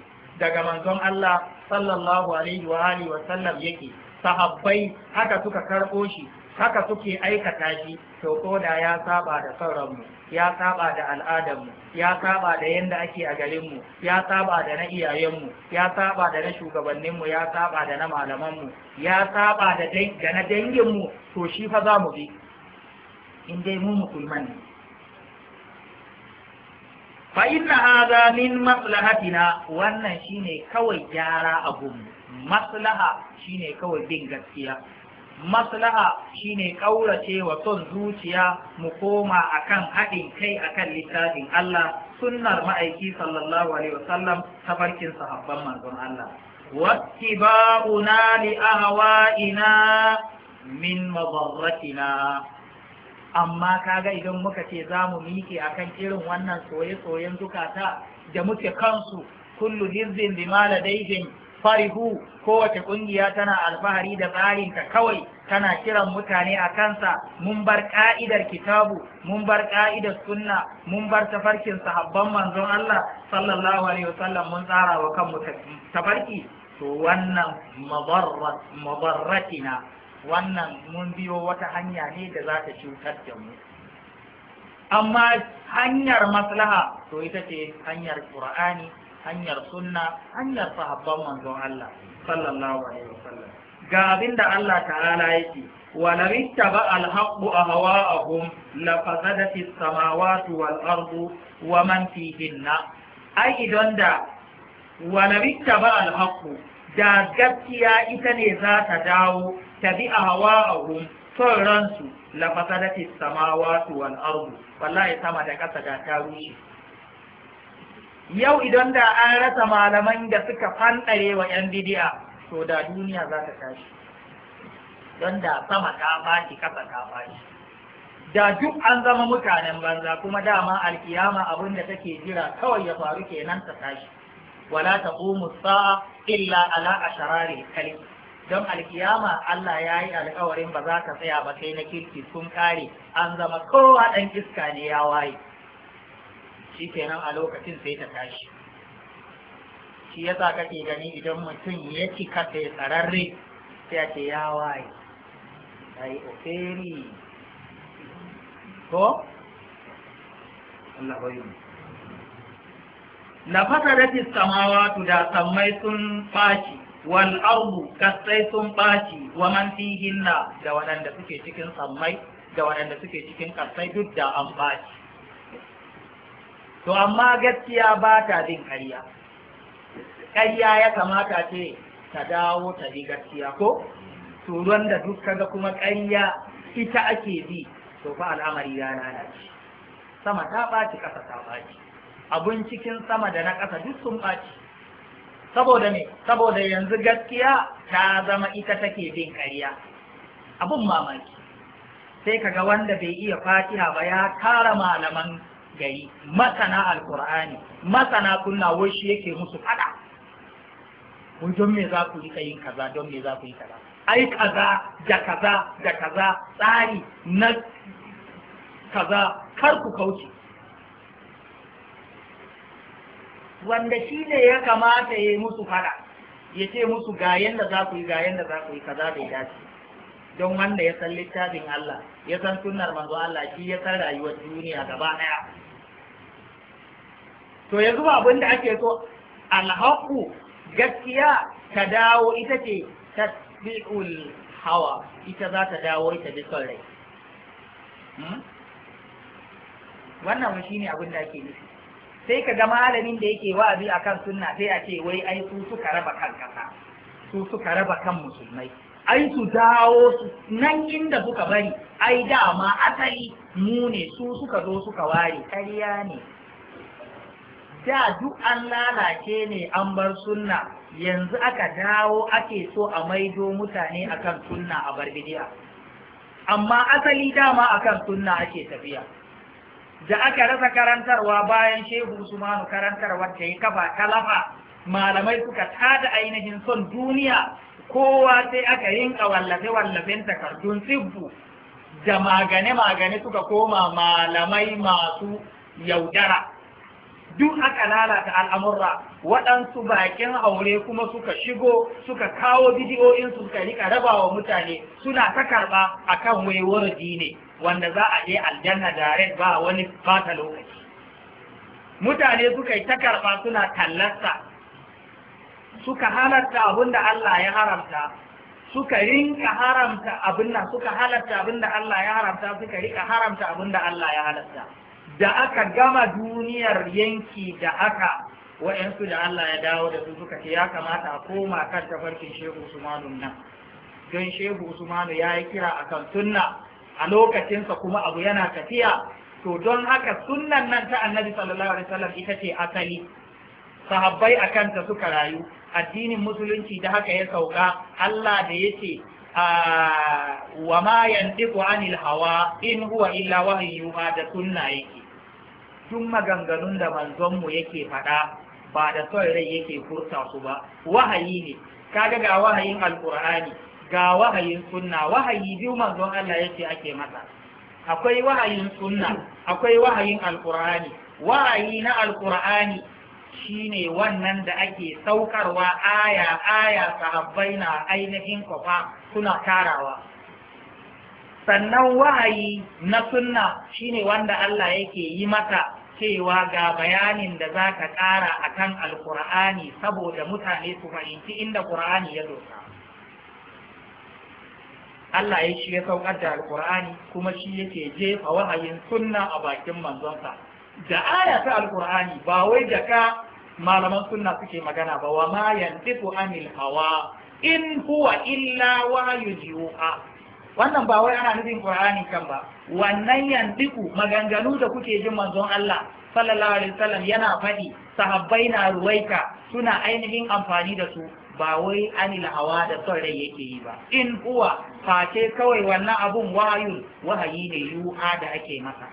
daga manzon Allah sallallahu alaihi wa alihi wa sallam yake sahabbai haka suka karɓo shi haka suke aikata shi to da ya saba da sauranmu ya saba da al'adarmu ya saba da yadda ake a garinmu ya saba da na iyayenmu ya saba da na shugabanninmu ya saba da na malamanmu ya saba da na danginmu to shi fa za mu bi in dai mu musulman ne fa inna hadha min maslahatina wannan shine kawai gyara abu maslaha shine kawai bin gaskiya maslaha shine kaurace wa son zuciya mu koma akan haɗin kai akan littafin Allah sunnar ma'aiki sallallahu alaihi wasallam tabarkin sahabban manzon Allah wattiba'una li ahwa'ina min madarratina amma kaga idan muka ce za mu miƙe kan irin wannan soye-soyen zukata da muke kansu kullu hizbin mala daihin farihu kowace ƙungiya tana alfahari da tsarinta kawai tana kiran mutane a kansa mun bar ka'idar kitabu mun bar ka'idar sunna mun bar tafarkin sahabban manzon Allah sallallahu alaihi wasallam mun tsara wa kanmu tafarki to wannan mabarratina wannan mun biyo wata hanya ne da za ta cutar da mu amma hanyar maslaha to ita ce hanyar qur'ani hanyar sunna hanyar sahabban manzon Allah sallallahu alaihi wasallam ga abin abinda Allah ta'ala yake ولو اتبع الحق wa man السماوات والأرض ومن فيهن أي دندا ولو اتبع الحق da gaskiya ita ne za ta dawo tabi a hun son ransu la fasadati su wal ardu wallahi sama da kasa da ta rushe yau idan da an rasa malaman da suka fandare wa yan bidi'a to da duniya za ta tashi don da sama ta fashi kasa ta fashi da duk an zama mutanen banza kuma dama alkiyama abin da take jira kawai ya faru kenan ta tashi wala taqumu sa'a illa ala asharari kalim don alkiyama Allah ya yi alkawarin ba za ka tsaya ba sai na kirki sun kare an zama kowa ɗan iska ne ya waye shi kenan a lokacin sai ta tashi shi ya yasa kake gani idan mutum ya cika ya tsararre sai ce ya waye yi oferi ko Allah bayu na fasadati da sammai sun faci wal ardu kasai sun ɓaci wa man na, da waɗanda suke cikin sammai da waɗanda suke cikin kasai duk da an ɓaci to amma gaskiya ba ta bin ƙarya ƙarya ya kamata ce ta dawo ta bi gaskiya ko to da duk kaga kuma ƙarya ita ake bi to fa al'amari ya lalace sama ta ɓaci ƙasa ta ɓaci abun cikin sama da na ƙasa duk sun ɓaci saboda me saboda yanzu gaskiya ta zama ita take bin ƙarya abun mamaki sai kaga wanda bai iya fatiha ba ya kara malaman gari masana alkur'ani masana kunna wai shi yake musu fada mun don me za ku yi kaza don me za ku yi kaza ai kaza da kaza da kaza tsari na kaza kar ku kauce wanda shi ne ya kamata ya yi musu fada ya ce musu ga da za ku yi ga da za ku yi kaza bai dace don wanda ya san littafin Allah ya san sunnar manzo Allah shi ya san rayuwar duniya gaba daya to yanzu ba abin da ake so alhaqu gaskiya ta dawo ita ce tasbi'ul hawa ita za ta dawo ita bi son rai hmm? wannan shi ne abin da ake nufi sai ka ga malamin da yake wa'azi akan sunna sai a ce wai ai su suka raba kan kasa su suka raba kan musulmai ai su dawo nan inda suka bari ai dama asali mu ne su suka zo suka ware ƙarya ne da duk an lalace ne an bar sunna yanzu aka dawo ake so a maido mutane akan sunna a bar bidiya amma asali dama akan sunna ake tafiya da aka rasa karantarwa bayan shehu usmanu karantarwar ta yi kafa talafa malamai suka tada ainihin son duniya kowa sai aka a wallafe wallafen takardun sibbu da magane magane suka koma malamai masu yaudara duk aka lalata al'amurra waɗansu bakin aure kuma suka shigo suka kawo bidiyoyin suka rika raba mutane suna ta karɓa akan waiwar ne wanda za a je aljanna red ba wani bata lokaci mutane suka yi ta karɓa suna tallasta, suka halarta abin da Allah ya haramta suka rinka haramta abin da suka halarta abin da Allah ya haramta suka rinka haramta abin da Allah ya halarta da aka gama duniyar yanki da aka wa'yansu da Allah ya dawo da su suka ce ya kamata a koma kan tafarkin shehu usmanu nan don shehu usmanu ya yi kira akan sunna a lokacinsa kuma abu yana tafiya to don haka sunnan nan ta annabi sallallahu alaihi wasallam ita ce asali sahabbai a kanta suka rayu addinin musulunci da haka ya sauka Allah da yake ah, wa ma yantiqu anil hawa in huwa illa wahyu yuha da sunna yake Tun maganganun da manzonmu yake faɗa ba da son rai yake furta su ba wahayi ne kaga ga wahayin alqur'ani ga wahayin sunna wahayi biyu manzon Allah yace ake masa akwai wahayin sunna akwai wahayin alqur'ani wahayi na alqur'ani shine wannan da ake saukarwa aya aya sahabbai na ainihin kofa suna tarawa sannan wahayi na sunna shine wanda Allah yake yi mata cewa ga bayanin da za ka ƙara a kan alƙur'ani saboda mutane su fahimci inda ƙur'ani ya dosa Allah ya shi ya saukar da alkur'ani kuma shi yake jefa wahayin sunna a bakin manzonsa da aya ta alkur'ani ba wai da ka malaman sunna suke magana ba wa ma yantiqu anil hawa in huwa illa wahyu yuha wannan ba wai ana nufin qur'ani kan ba wannan yantiqu maganganu da kuke jin manzon Allah sallallahu alaihi wasallam yana faɗi sahabbai na ruwaika suna ainihin amfani da su ba wai anil hawa da son rai yake yi ba in kuwa face kawai wannan abun wahayun wahayi ne yu'a da ake masa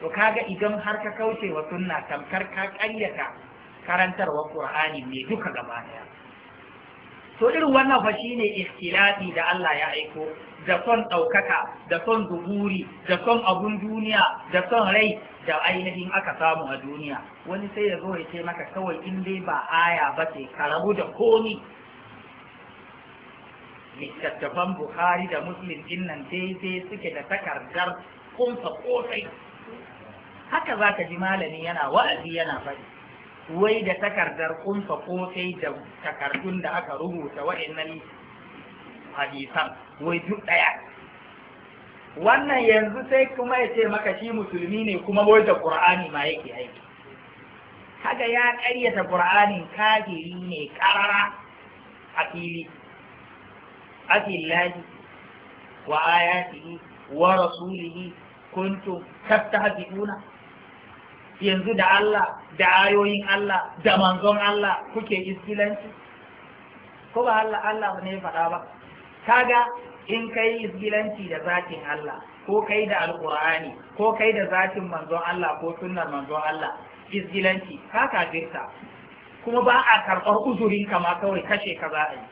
to kaga idan har ka kauce wa sunna tamkar ka karyata karantarwa qur'ani ne duka gaba daya to irin wannan fa shine ikhtilafi da Allah ya aiko da son ɗaukaka da son zuburi da son abun duniya da son rai da ainihin aka samu a duniya wani sai ya zo ya ce maka kawai in dai ba aya ba ce ka rabu da komi littattafan Buhari da muslim din nan daidai suke da takardar kunsa kosai haka za ka ji malami yana wa'azi yana faɗi wai da takardar kunsa kosai da takardun da aka rubuta wa'annan hadisan wai duk ɗaya wannan yanzu sai kuma ya ce maka shi musulmi ne kuma wai da qur'ani ma yake aiki kaga ya ƙaryata qur'anin kafiri ne karara a fili afillahi wa ayatihi wa rasulihi kuntum tastahzi'una yanzu da Allah da ayoyin Allah da manzon Allah kuke iskilanci ko ba Allah ne ya faɗa ba kaga in kai isgilanci da zatin Allah ko kai da alqur'ani ko kai da zatin manzon Allah ko sunnar manzon Allah isgilanci ka kafirta kuma ba a karɓar uzurin kama kawai kashe ka za a yi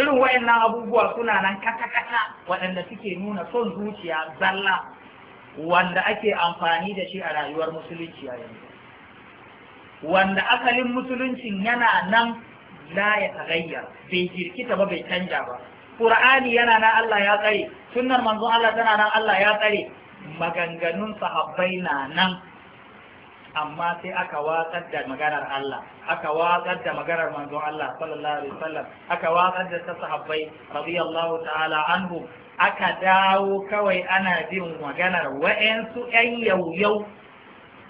irin wayannan abubuwa suna nan kata-kata waɗanda suke nuna son zuciya zalla wanda ake amfani da shi a rayuwar musulunci a yanzu wanda asalin musuluncin yana nan la ya tagayyar bai jirkita ba bai canja ba Qur'ani yana nan Allah ya tsare sunnar manzo Allah tana nan Allah ya tsare maganganun sahabbai na nan amma sai aka watsar da maganar Allah aka watsar da maganar manzon Allah sallallahu alaihi wasallam aka watsar da ta sahabbai radiyallahu ta'ala anhu aka dawo kawai ana jin maganar yan ƴan yau.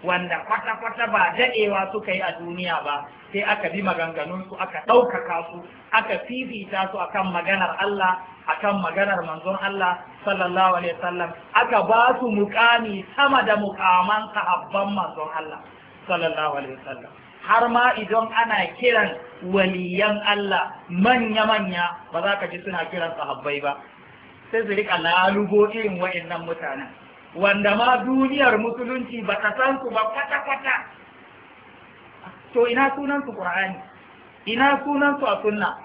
wanda kwata-kwata ba daɗewa suka yi a duniya ba sai aka bi maganganunsu aka ɗaukaka su aka fifita su akan maganar Allah akan maganar manzon Allah sallallahu alaihi wasallam aka ba su muƙami sama da muƙaman sahabban manzon Allah sallallahu alaihi wasallam har ma idan ana kiran waliyan Allah manya-manya ba za ka ji suna kiran sahabbai ba sai su rika lalubo irin waɗannan mutanen wanda ma duniyar musulunci ba ta san su ba kwata-kwata to ina sunan su qur'ani ina sunan su a sunna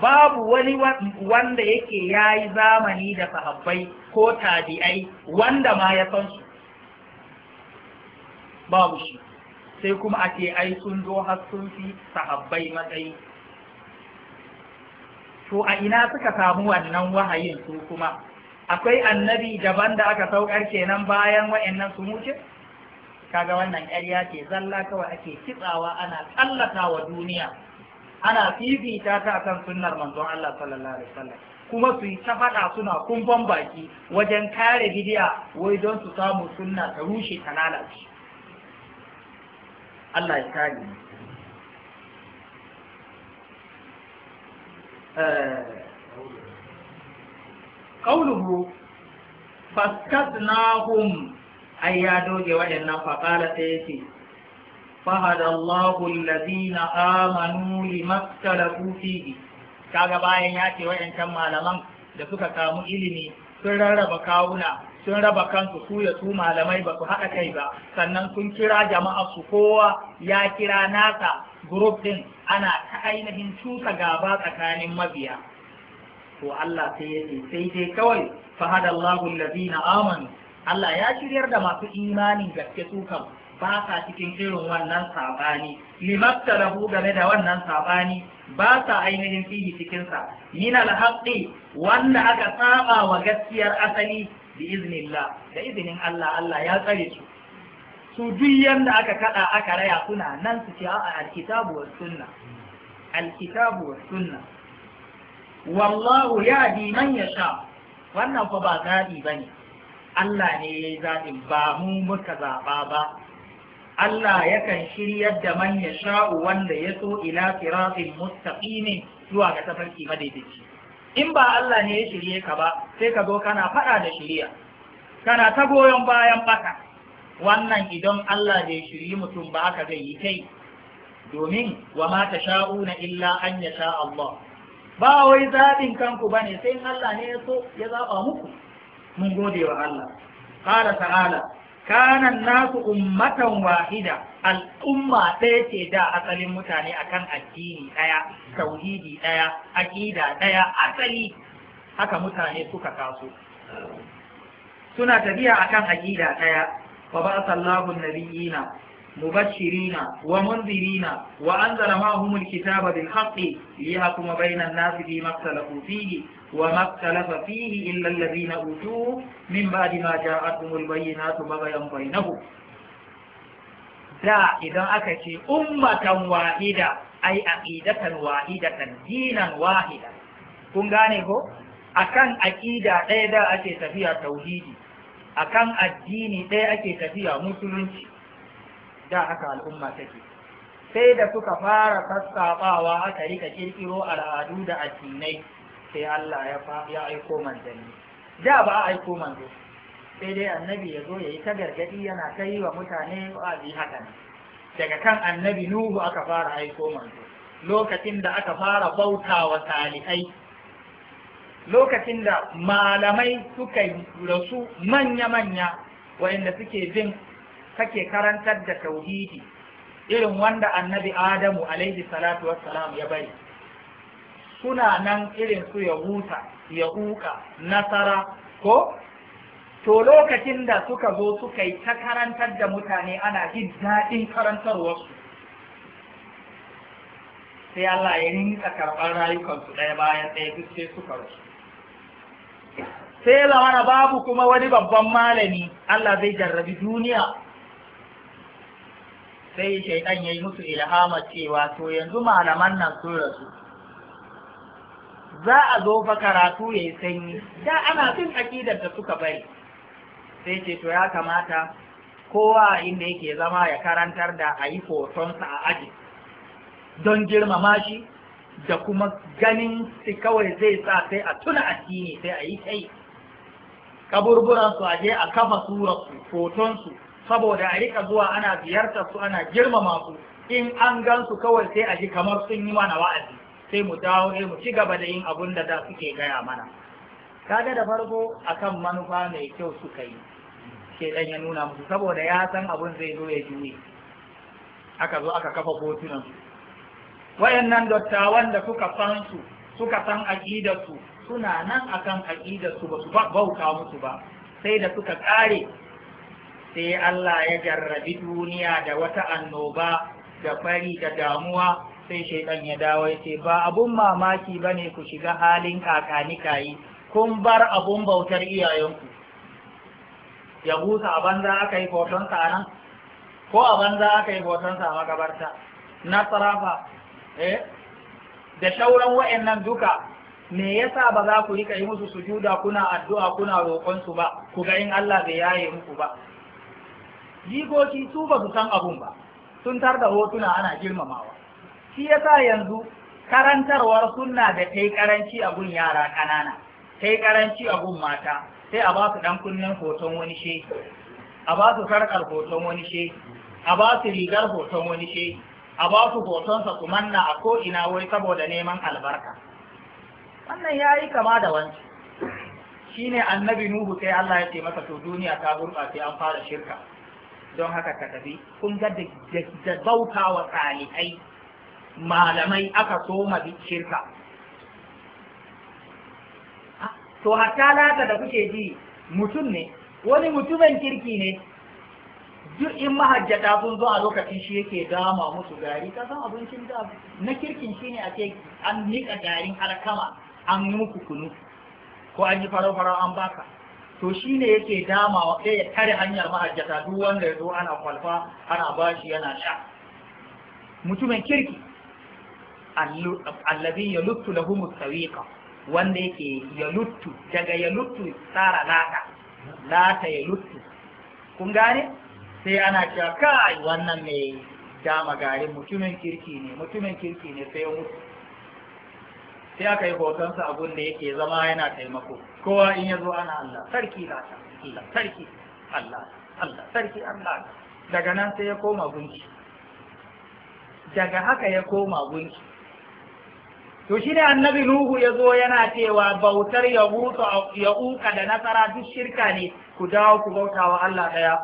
babu wani wanda yake yayi zamani da sahabbai ko tabi'ai wanda ma ya san su babu shi sai kuma a ce ai sun zo har sun fi sahabbai matsayi to a ina suka samu wannan wahayin su kuma akwai annabi daban da aka saukar kenan bayan wa'annan su mutu kaga wannan ƙarya ce zalla kawai ake kitsawa ana tsallaka wa duniya ana fifita ta kan sunnar manzon Allah sallallahu alaihi wasallam kuma su yi ta faɗa suna kumfan baki wajen kare bidiya wai don su samu sunna ta rushe ta lalace Allah ya kare mu eh, qawluhu fastasnahum ai ya doge waɗannan faƙala sai ya ce fahadallahu allazina amanu limaktalafu fihi kaga bayan ya ce waɗancan malaman da suka samu ilimi sun rarraba kawuna sun raba kansu su ya su malamai ba su haɗa kai ba sannan sun kira jama'a su kowa ya kira nasa group din ana ta ainihin cusa gaba tsakanin mabiya to Allah sai ya sai dai kawai fahada Allahu allazina amanu Allah ya shiryar da masu imanin gaske su kan ba sa cikin irin wannan sabani limatta lahu game da wannan sabani ba sa ainihin fihi cikin sa min alhaqi wanda aka saba wa gaskiyar asali bi iznillah da izinin Allah Allah ya tsare su su duk yanda aka kada aka raya suna nan su ce a alkitabu was sunna alkitabu sunna wallahu bi man sha, wannan fa ba zaɓi ba ne Allah ne ya yi zaɓin ba mu muka zaɓa ba Allah yakan shiryar da man ya sha'u wanda ya so ila firafin mustaqimin zuwa ga tafarki madaidaici in ba Allah ne ya shirye ka ba sai ka zo kana faɗa da shirya kana ta goyon bayan baka wannan idan Allah ya shiryi mutum ba aka zai yi kai domin wa ma tasha'una illa an yasha Allah ba wai zaɓin kanku ba ne sai Allah ne ya so ya zaɓa muku mun gode wa Allah ƙara ta'ala kanan nasu ummatan wahida al'umma ɗaya ce da asalin mutane akan addini ɗaya tauhidi ɗaya aƙida ɗaya asali haka mutane suka kaso suna tafiya akan aƙida ɗaya wa ba sallahu nabiyina مبشرين ومنذرين وأنزل معهم الكتاب بالحق ليحكم بين الناس فيما اختلفوا فيه وما اختلف فيه إلا الذين أوتوه من بعد ما جاءتهم البينات بغيا بينه da idan aka ce ummatan wahida ai aqidatan wahidatan dinan wahida kun gane ko akan aqida ɗaya da ake tafiya tauhidi akan addini ɗaya ake tafiya musulunci da aka al'umma take sai da suka fara sassaɓawa aka rika kirkiro al'adu da addinai sai Allah ya aiko manzanni da ba a aiko manzo sai dai annabi ya zo ya yi ta gargadi yana kai wa mutane wa'azi haka ne daga kan annabi nuhu aka fara aiko manzo lokacin da aka fara bauta wa salihai lokacin da malamai suka rasu manya-manya inda suke bin kake karantar da tauhidi irin wanda annabi adamu alaihi salatu wassalam ya bari suna nan irin su ya huta ya huka nasara ko to lokacin da suka zo suka yi ta karantar da mutane ana jin daɗin karantarwarsu sai Allah ya rinka karɓar rayukansu ɗaya bayan ɗaya duk sai suka rasu sai lawana babu kuma wani babban malami Allah zai jarrabi duniya sai shaidan ya yi musu ilhama cewa to yanzu malaman nan sun rasu za a zo fa karatu ya yi sanyi da ana cin akidar da suka bari sai ce to ya kamata kowa inda yake zama ya karantar da a yi hotonsa a aji don girmama shi da kuma ganin su kawai zai sa sai a tuna addini sai a yi kai kaburburansu a je a kafa surarsu hotonsu saboda a rika zuwa ana ziyartar su ana girmama su in an gan su kawai sai a ji kamar sun yi mana wa'azi sai mu dawo sai eh, mu ci gaba da yin abun da da suke gaya mana kaga da farko akan manufa mai kyau suka yi shedan ya nuna musu saboda ya san abun zai zo ya juye aka zo aka kafa kotunan su wayannan dattawan da suka san su suka san aqidar suna nan akan aƙidarsu su ba su bauta musu ba sai da suka ƙare. sai Allah ya jarrabi duniya da wata annoba da fari da damuwa sai shaidan ya dawo ya ce ba abun mamaki ba ne ku shiga halin kakani kayi kun bar abun bautar iyayenku ya busa a banza aka yi hotonsa a nan ko a banza aka yi hotonsa a makabarta na tsarafa eh da shauran wa'annan duka me yasa ba za ku rika yi musu sujuda kuna addu'a kuna roƙon su ba ku ga in Allah bai yaye muku ba jikoki su ba su san abun ba sun tar da hotuna ana girmamawa shi yasa yanzu karantarwar sunna da kai ƙaranci karanci a gun yara kanana kai ƙaranci karanci a gun mata sai a ba su ɗan kunnen hoton wani she a ba su hoton wani she a ba rigar hoton wani she a ba su hotonsa su manna a ko'ina wai saboda neman albarka wannan ya yi kama da wani shine annabi nuhu sai allah ya ce masa to duniya ta gurɓace an fara shirka don haka ka tafi kun ga da bauta wa ɗalibai malamai aka soma shirka ah, to hatta lata da kuke ji mutum ne wani mutumin kirki ne duk in mahajjata sun zo a lokacin shi yake dama musu gari ka san abincin da na kirkin shi ne a ce an nika garin alkama an yi muku kunu ko an yi farau-farau an baka to shi ne yake damawa ɗaya ya tare hanyar ma'ajata duk wanda ya zo ana kwalfa ana bashi yana sha mutumin kirki allabi ya luttu humus tsawiqa wanda yake ya luttu daga ya luttu tsara lata lata ya luttu kun gane sai ana cewa kai wannan mai dama garin mutumin kirki ne mutumin kirki ne sai ya mutu sai aka yi hotonsa a da yake zama yana taimako kowa in ya zo ana Allah sarki da Allah sarki Allah Allah sarki Allah daga nan sai ya koma gunki daga haka ya koma gunki to shi ne annabi Nuhu ya zo yana cewa bautar ya ya uka da nasara duk shirka ne ku dawo ku bauta wa Allah ɗaya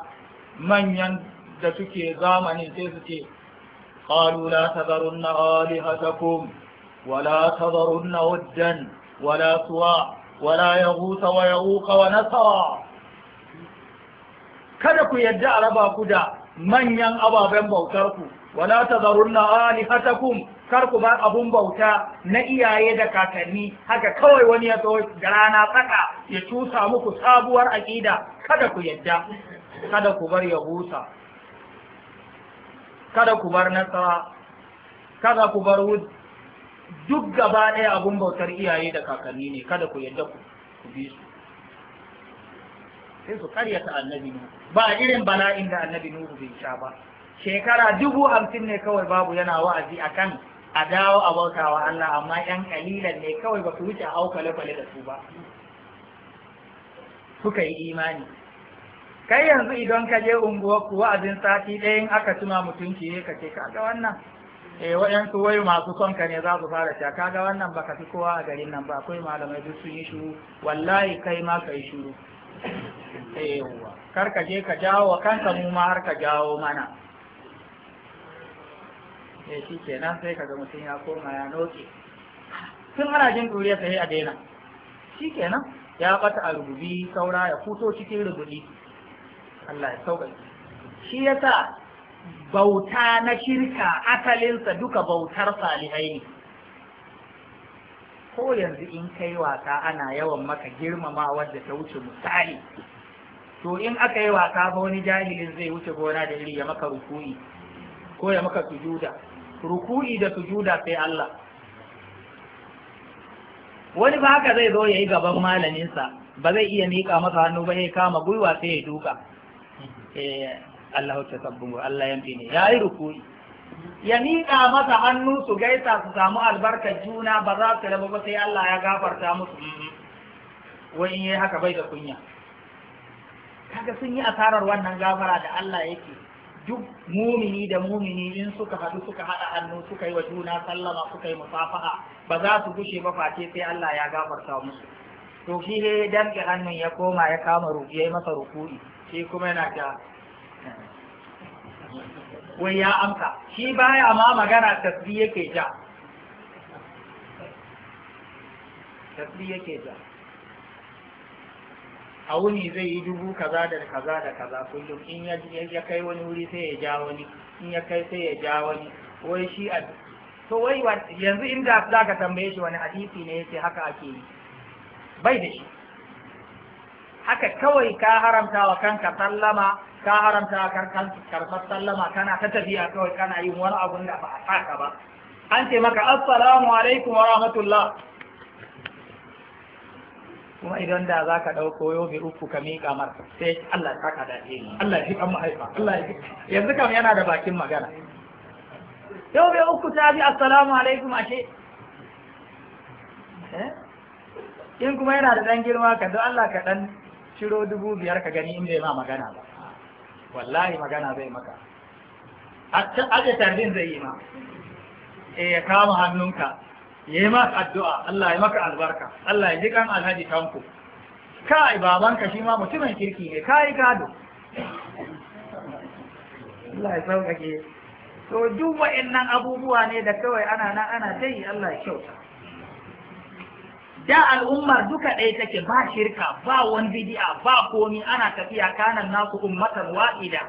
manyan da suke zamanin sai su ce قالوا لا تذرن آلهتكم ولا تذرن ودا ولا سواع ولا يغوث ويغوق ونسرا kada ku yadda a raba ku da manyan ababen bautar ku wala tadharunna alihatakum kar ku bar abun bauta na iyaye da kakanni haka kawai wani ya zo da rana tsaka ya cusa muku sabuwar aqida kada ku yadda kada ku bar yahusa kada ku bar nasara kada ku bar wud duk gaba ɗaya abun bautar iyaye da kakanni ne kada ku yadda ku bi su sai su karyata annabi nuhu ba irin bala'in da annabi nuhu bai sha ba shekara dubu hamsin ne kawai babu yana wa'azi a kan a dawo a bautawa Allah amma yan ƙalilan ne kawai ba su wuce a aukale kwale da su ba suka yi imani kai yanzu idan ka je unguwar ku wa'azin sati ɗayan aka tuna mutunci ne ka ce ka ga wannan eh waɗansu wai masu son ka ne za su fara cewa kaga wannan baka fi kowa a garin nan ba akwai malamai duk sun yi shuru wallahi kai ma ka yi shuru eh kar ka je ka jawo wa kanka mu ma har ka jawo mana eh shi kenan sai kaga mutum ya koma ya noke tun ana jin duriya sai a daina shi kenan ya ɓata a rububi saura ya fito cikin rubuɗi Allah ya sauƙaƙe shi yasa bauta na shirka asalinsa duka bautar salihai ne ko yanzu in kai wasa ana yawan maka girmama wadda ta wuce misali to in aka yi wasa ba wani jahilin zai wuce gona da iri ya maka ruku'i ko ya maka sujuda ruku'i da sujuda sai Allah wani ba haka zai zo ya yi gaban malaminsa ba zai iya miƙa masa hannu ba ya kama gwiwa sai ya duka eh. Allah sabbin tasabbu Allah yambi ne yi ruku'i ya miƙa masa hannu su gaisa su samu albarkar juna ba za su raba ba sai Allah ya gafarta musu wai in yi haka bai da kunya kaga sun yi asarar wannan gafara da Allah yake duk mumini da mumini in suka haɗu suka haɗa hannu suka yi wa juna sallama suka yi musafaha ba za su gushe ba face sai Allah ya gafarta musu to shi dai ya hannun ya koma ya kama ruku ya yi masa ruku'i shi kuma yana ta wai ya amsa shi baya ma magana tasbih yake ja tasbih yake ja a wuni zai yi dubu kaza da kaza da kaza kullum in ya kai wani wuri sai ya ja wani in ya kai sai ya ja wani wai shi a to wai yanzu inda za ka tambaye shi wani hadisi ne yace haka ake yi bai da shi haka kawai ka haramta wa kanka sallama ka haramta karkan karfar sallama kana ta tafiya kawai kana yin wani abun da ba a saka ba an ce maka assalamu alaikum wa rahmatullah kuma idan da za ka ɗauko yobe uku ka miƙa mar sai Allah ya saka dace ni Allah ya fi kan mahaifa Allah ya fi yanzu kam yana da bakin magana yobe uku ta bi assalamu alaikum ashe eh? in kuma yana da ɗan girma ka don Allah ka ɗan ciro dubu biyar ka gani in bai ma magana ba wallahi magana zai maka aje tarbin zai yi ma e ya kama hannunka ya yi maka addu'a Allah ya maka albarka Allah ya ji kan alhaji tanku kai babanka shi ma mutumin kirki ne kai gado Allah ya ke. to duk wa'annan abubuwa ne da kawai ana nan ana ta yi Allah ya kyauta da al'ummar duka ɗaya take ba shirka ba wani bidi'a ba komi ana tafiya kanan nasu ummatan wa'ida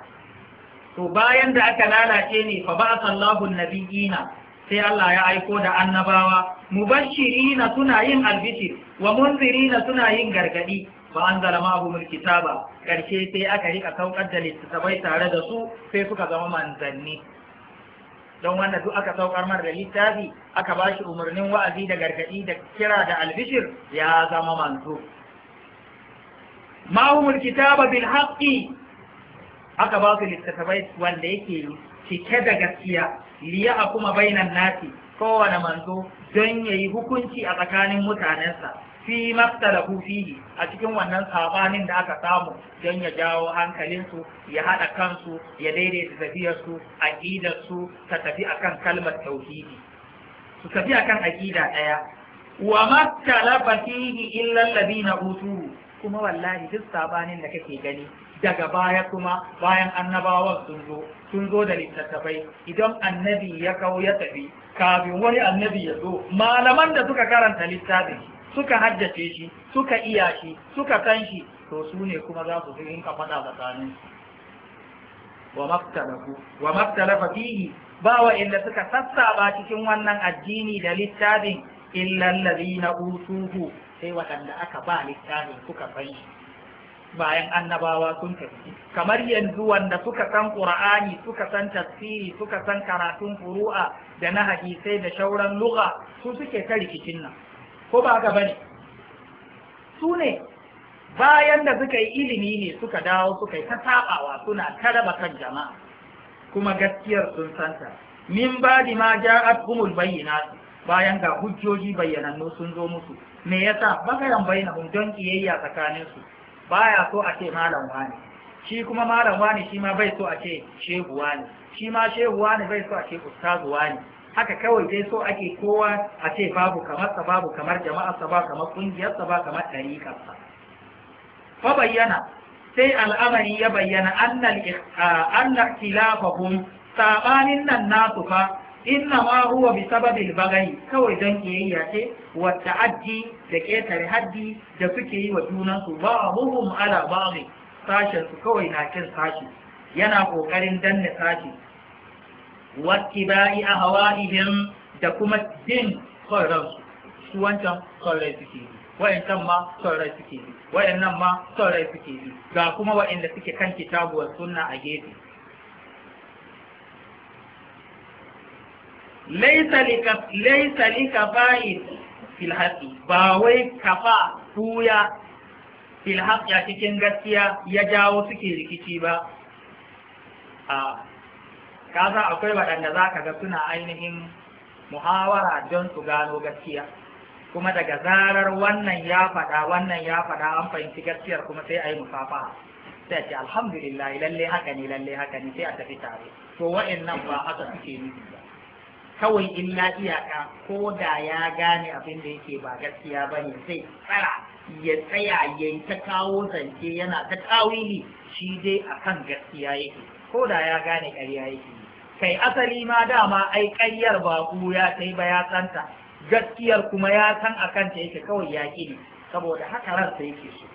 to bayan da aka lalace ne fa ba sallahu nabiyina sai Allah ya aiko da annabawa mubashirina suna yin albishir wa munzirina suna yin gargadi Ba an fa anzala hukumar kitaba karshe sai aka rika saukar da littattafai tare da su sai suka zama manzanni don wanda duk aka saukar mar da littafi aka ba shi umarnin wa'azi da gargaɗi da kira da albishir ya zama manzo ma'umul kitaba bil haqqi aka ba su littattafai wanda yake cike da gaskiya liya a kuma bainan nasi kowane manzo don ya yi hukunci a tsakanin mutanensa fi maftalahu fihi a cikin wannan sabanin da aka samu don ya jawo hankalinsu ya haɗa kansu ya daidaita tafiyarsu su, ta tafi akan kalmar tauhidi su tafi akan aƙida ɗaya wa maftalafa fihi illa alladhina utuhu kuma wallahi duk sabanin da kake gani daga baya kuma bayan annabawan sun zo sun zo da littattafai idan annabi ya kawo ya tafi kafin wani annabi ya zo malaman da suka karanta littafin suka haddace shi suka iya shi suka san shi to su ne kuma za su ka faɗa tsakanin wa maktalafu wa maktalafa fihi ba wa inda suka sassaba cikin wannan addini da littafin illa allazina usuhu sai waɗanda aka ba littafin suka san shi bayan annabawa sun tafi kamar yanzu wanda suka san qur'ani suka san tafsiri suka san karatun furu'a da na hadisai da shauran lugha su suke ta rikicin nan ko ba haka bane su ne bayan da suka yi ilimi ne suka dawo suka yi ta sabawa suna taraba kan jama'a kuma gaskiyar sun santa min ba di ma ja'at humul bayyinat bayan ga hujjoji bayyanannu sun zo musu me yasa bagaran bainahum don kiyayya tsakanin su baya so a ce malam wani shi kuma malam wani shi ma bai so a ce shehu wani shi ma shehu wani bai so a ce ustazu wani haka kawai dai so ake kowa a ce babu kamar sa babu kamar jama'a sa ba kamar kungiyar sa ba kamar ɗariƙar sa fa bayyana sai al'amari ya bayyana annal annal khilafahum sabanin nan nasu fa inna ma huwa bi sababil bagai kawai don kiyayya ce wa ta'addi da ketare haddi da suke yi wa junansu ba huhum ala ba'dhi sashen kawai na kin sashi yana kokarin danne sashi a ahwa'ihim da kuma jin son su wancan son suke yi wayancan ma son suke yi wayannan ma son suke yi ga kuma wayanda suke kan kitabuwar sunna a gefe laisa lika ba'id fil haqi ba wai kafa tuya fil a cikin gaskiya ya jawo suke rikici ba a ka akwai waɗanda za ka ga suna ainihin muhawara don su gano gaskiya kuma daga zarar wannan ya faɗa wannan ya faɗa an fahimci gaskiyar kuma sai a yi musafa sai a ce alhamdulillah lalle haka ne lalle haka ne sai a tafi tare to wa'annan ba haka suke nufi ba kawai illa iyaka ko da ya gane abin da yake ba gaskiya ba ne sai tsara ya tsaya ya yi ta kawo zance yana ta tawili shi dai kan gaskiya yake ko da ya gane ƙarya yake kai asali ma dama ai ƙaryar ba ya kai ba ya tsanta gaskiyar kuma ya san a kanta yake kawai ya ni, saboda haka ransa yake so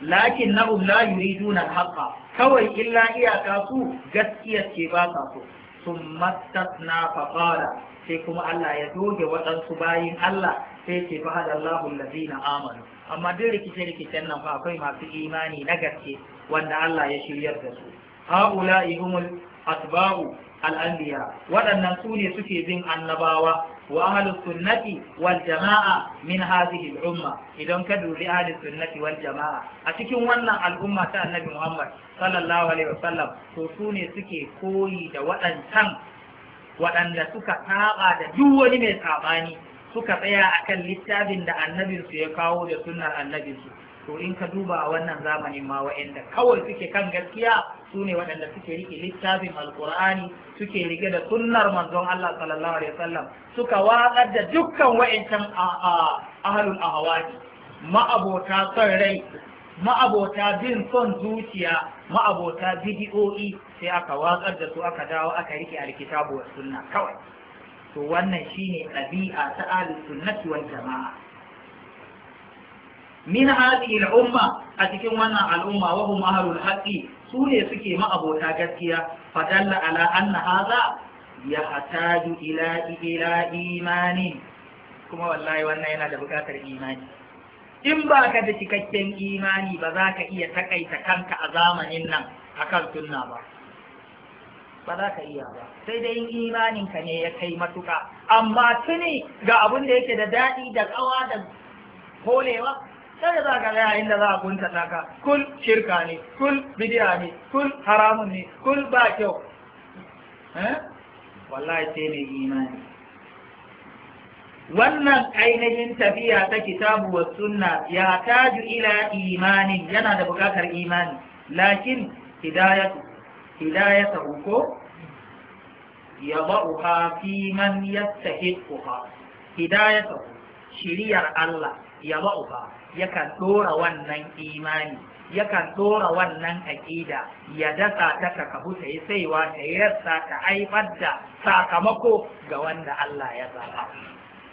lakin na la yuridu na haqqa kawai illa iyaka su gaskiyar ke ba su, so sun na faqala sai kuma Allah ya doge waɗansu bayin Allah sai ke fa hadallahu na amanu amma duk rikice rikicen nan fa akwai masu imani na gaske wanda Allah ya shiryar da su ha'ula'i humul asba'u al'anbiya waɗannan su ne suke bin annabawa wa ahlus sunnati wal jama'a min hadhihi al umma idan ka dubi ahlus sunnati wal jama'a a cikin wannan al'umma ta annabi Muhammad sallallahu alaihi wasallam to su ne suke koyi da waɗancan waɗanda suka taɓa da duk wani mai sabani suka tsaya akan littafin da annabinsu ya kawo da sunnar annabinsu to in ka duba a wannan zamanin ma wa'anda kawai suke kan gaskiya su ne waɗanda suke rike littafin alƙur'ani suke riƙe da sunnar manzon Allah sallallahu alaihi wasallam suka watsar da dukkan wa'ancan ahlul ahwani ma'abota son rai ma'abota bin son zuciya ma'abota bidi'o'i, sai aka watsar da su aka dawo aka rike alkitabu wa sunna kawai to wannan shine ɗabi'a ta ahlus sunnati wal jama'a min hadhihi al-umma a cikin wannan al'umma wa hum ahlul haqqi su ne suke ma abota gaskiya fadalla ala anna hadha yahtaju ila ila imani kuma wallahi wannan yana da buƙatar imani in ba ka da cikakken imani ba za ka iya takaita kanka a zamanin nan akan sunna ba ba za ka iya ba sai dai imaninka ne ya kai matuƙa. amma tuni ga abin da yake da daɗi da ƙawa da kolewa sai za ka gaya inda za a kuntata ka kul shirka ne kul bidiya ne kul haramun ne kul ba kyau eh? wallahi sai mai imani wannan ainihin tafiya ta kitabu wa sunna ya taju ila imani yana da bukatar imani lakin hidayatu hidayata ko ya ba'uha fi man yastahiquha hidayatu shiriyar Allah ya ba'uha yakan ɗora wannan imani yakan ɗora wannan aƙida ya dasa ta ka kafu ta yi saiwa ta yarsa ta haifar da sakamako ga wanda Allah ya zaɓa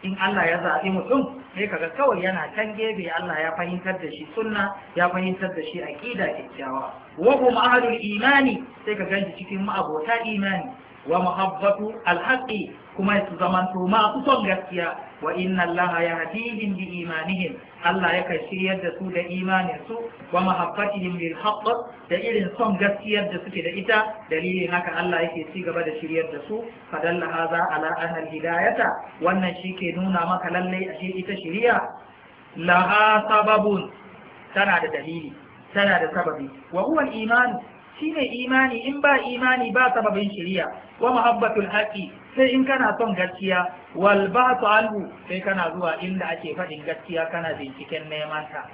in Allah ya zaɓi mutum sai kaga kawai yana can gefe Allah ya fahimtar da shi sunna ya fahimtar da shi aƙida kyakkyawa wa hum ahlul imani sai ka ganji cikin ma'abota imani wa muhabbatu alhaqi kuma su zamanto ma son gaskiya wa inna Allah yahdihim bi imanihim Allah yakan shiryar da su da imanin su wa mahabbatihim lil haqq da irin son gaskiyar da suke da ita dalilin haka Allah yake ci gaba da shiryar da su fadalla hadha ala anna hidayata wannan shike nuna maka lalle ashe ita shiriya laha sababun tana da dalili tana da sababi wa huwa al-iman Shi shine imani in ba imani ba sababin shari'a wa muhabbatul haqi sai in kana son gaskiya wal ba'tu anhu sai kana zuwa inda ake faɗin gaskiya kana binciken neman ta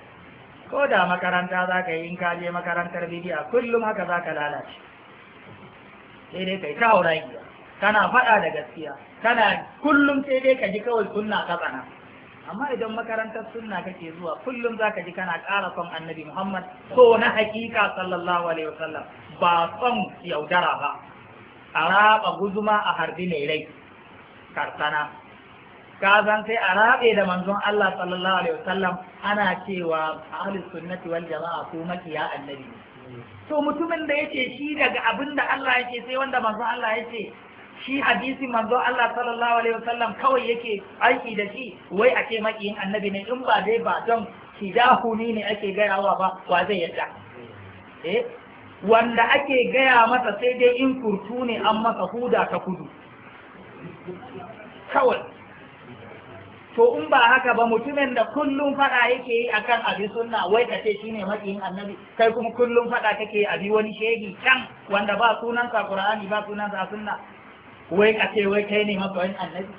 ko da makaranta za ka yi in ka je makarantar bidiya kullum haka za ka lalace sai dai kai kawo kana faɗa da gaskiya kana kullum sai dai ka ji kawai sunna ka tsana amma idan makarantar sunna kake zuwa kullum zaka ji kana ƙara son annabi Muhammad so na hakika sallallahu alaihi wasallam ba son yaudara ba a raba guzuma a harbi mai rai karsana ka zan sai a rabe da manzon Allah sallallahu alaihi wasallam ana cewa ahlus sunnati wal jama'a ko makiya annabi to mutumin da yake shi daga abin da Allah yake sai wanda manzon Allah yake shi hadisi manzo Allah sallallahu alaihi wasallam kawai yake aiki da shi wai a ce makiyin annabi ne in ba dai ba don Da ni ne ake gayawa ba wa zai yadda eh wanda ake gaya masa sai dai in kurtu ne an masa huda ta kudu kawai to in ba haka ba mutumin da kullum fada yake yi akan abi sunna wai ka ce shine makiyin annabi kai kuma kullum fada kake abi wani shehi can wanda ba sunan sa qur'ani ba sunan sa sunna wai a ce wai kai ne masoyin annabi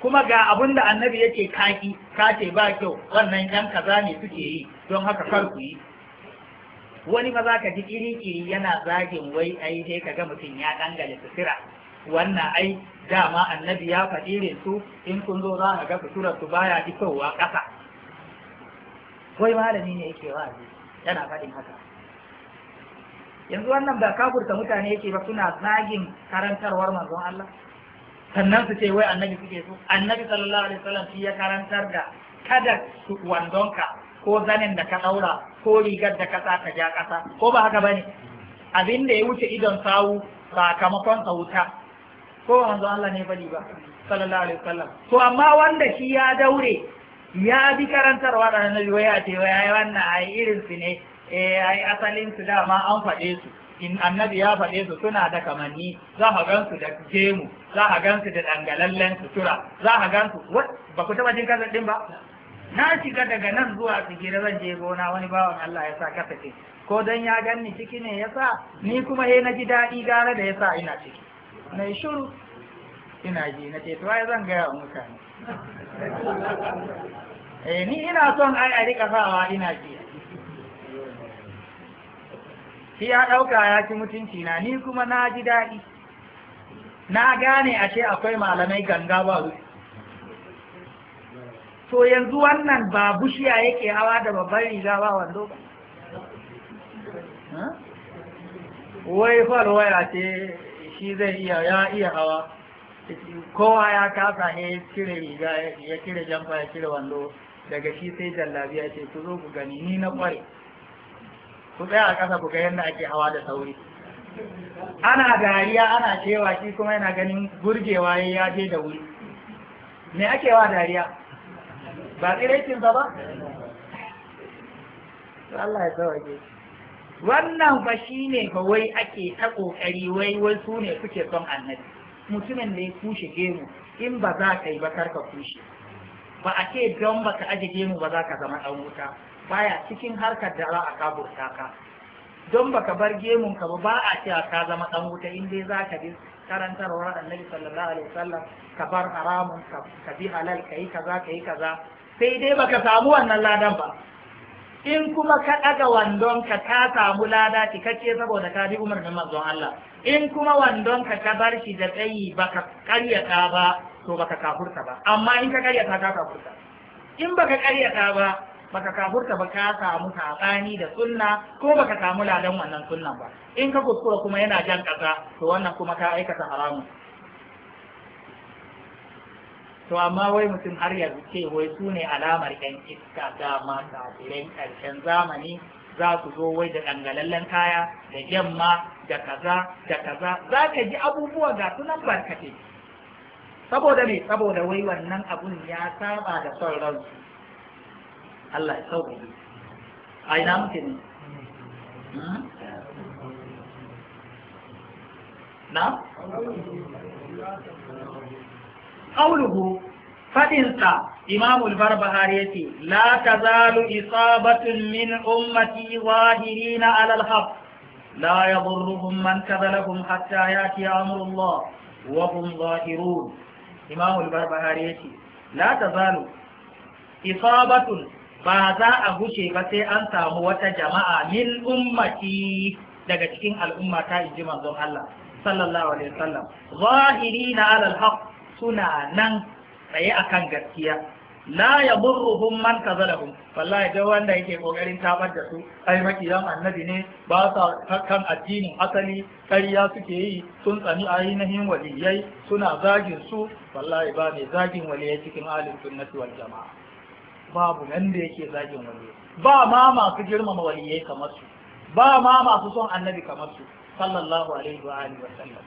kuma ga abin da annabi yake kaki ka ba kyau wannan yan kaza ne suke yi don haka kar ku yi wani ma za ka ji kiri-kiri yana zagin wai ai sai ka ga mutum ya su tsira. wannan ai dama annabi ya faɗi irin su in kun zo za ka ga suturar su baya fitowa ƙasa wai malami ne yake wa'azi yana faɗin haka yanzu wannan ba kafurta mutane yake ba suna zagin karantarwar manzon Allah sannan su ce wai annabi suke so annabi sallallahu alaihi wasallam shi ya karantar da kada su wandonka ko zanin da ka daura ko rigar da ka ta ja kasa ko ba haka bane abin da ya wuce idon sawu sakamakon sauta ko manzon Allah ne bali ba sallallahu alaihi wasallam to amma wanda shi ya daure ya bi karantarwa da annabi wai ya ce wai wannan ai irin su ne eh ai asalin su dama an faɗe su in annabi ya faɗe su suna da kamanni za ka gan su da gemu za ka gan su da dangalallen sutura za ka gan su ba ku taɓa jin kasar ɗin ba na shiga daga nan zuwa tsigira zan je gona wani bawan Allah ya sa ce ko dan ya gan ni ciki ne ya sa ni kuma he na ji daɗi gara da ya sa ina ciki na yi shuru ina ji na ce to ai zan gaya wa mutane eh ni ina son ai a rika sawa ina ji shi ya ɗauka ya ci mutunci na ni kuma na ji daɗi na gane ashe akwai malamai ganga ba to yanzu wannan ba bushiya yake hawa da babbar riga ba wando ba wai falwaya ce shi zai iya ya iya hawa kowa ya kasa ne cire riga ya cire jamfa ya cire wando daga shi sai jallabiya ce ku zo ku gani ni na kware ku tsaya a ƙasa ku ga yadda ake hawa da sauri ana dariya ana cewa shi kuma yana ganin gurgewa ya je da wuri me ake wa dariya ba tsiraicinsa ba Allah ya tsawage wannan fa shi ne ba wai ake ta ƙoƙari wai wai su ne kuke son annabi mutumin da ya kushe gemu in ba za ka yi ba karka kushe ba a ce don baka aje gemu ba za ka zama ɗan wuta baya cikin harkar da za a kaburta ka don baka bar gemun ka ba ce a cewa ka zama dan wuta in dai za ka bi karantarwar annabi sallallahu alaihi wasallam ka bar haramun ka ka bi halal ka yi kaza ka yi kaza sai dai baka samu wannan ladan ba in kuma ka ɗaga wandon ka ta samu lada cikakke saboda ka bi umarnin manzon Allah in kuma wandon ka ka bar shi da tsayi baka karyata ba to baka kafurta ba amma in ka karyata ka kafurta in baka karyata ba baka kafurta ba ka samu saɓani da sunna ko baka samu ladan wannan sunnan ba in ka kuskura kuma yana jan ƙasa to wannan kuma ka aikata haramun to amma wai mutum har ya ce wai su ne alamar yan iska dama kafirai ƙarshen zamani za su zo wai da ɗangalallen kaya da yamma da kaza da kaza za ka ji abubuwa ga sunan barkatai saboda me saboda wai wannan abun ya saba da son ransu الله يسوق أي نام كذي نعم قوله فإنت إمام البربهارية لا تزال إصابة من أمتي ظاهرين على الحق لا يضرهم من كذلهم حتى يأتي أمر الله وهم ظاهرون إمام البربهارية لا تزال إصابة ba za a gushe ba sai an samu wata jama'a min ummati daga cikin al'umma ta inji manzon Allah sallallahu alaihi wasallam zahirina suna nan tsaye akan gaskiya la yadurruhum man kazalahum wallahi da wanda yake kokarin tabar da su ai makiyan annabi ne ba sa kan addinin asali ƙarya suke yi sun tsani ainihin waliyai suna zagin su wallahi ba mai zagin waliyai cikin ahlus sunnati wal jama'a babu nan da yake zagin wani ba ma masu girmama waliyai kamar su ba ma masu son annabi kamar su sallallahu alaihi wa alihi wa sallam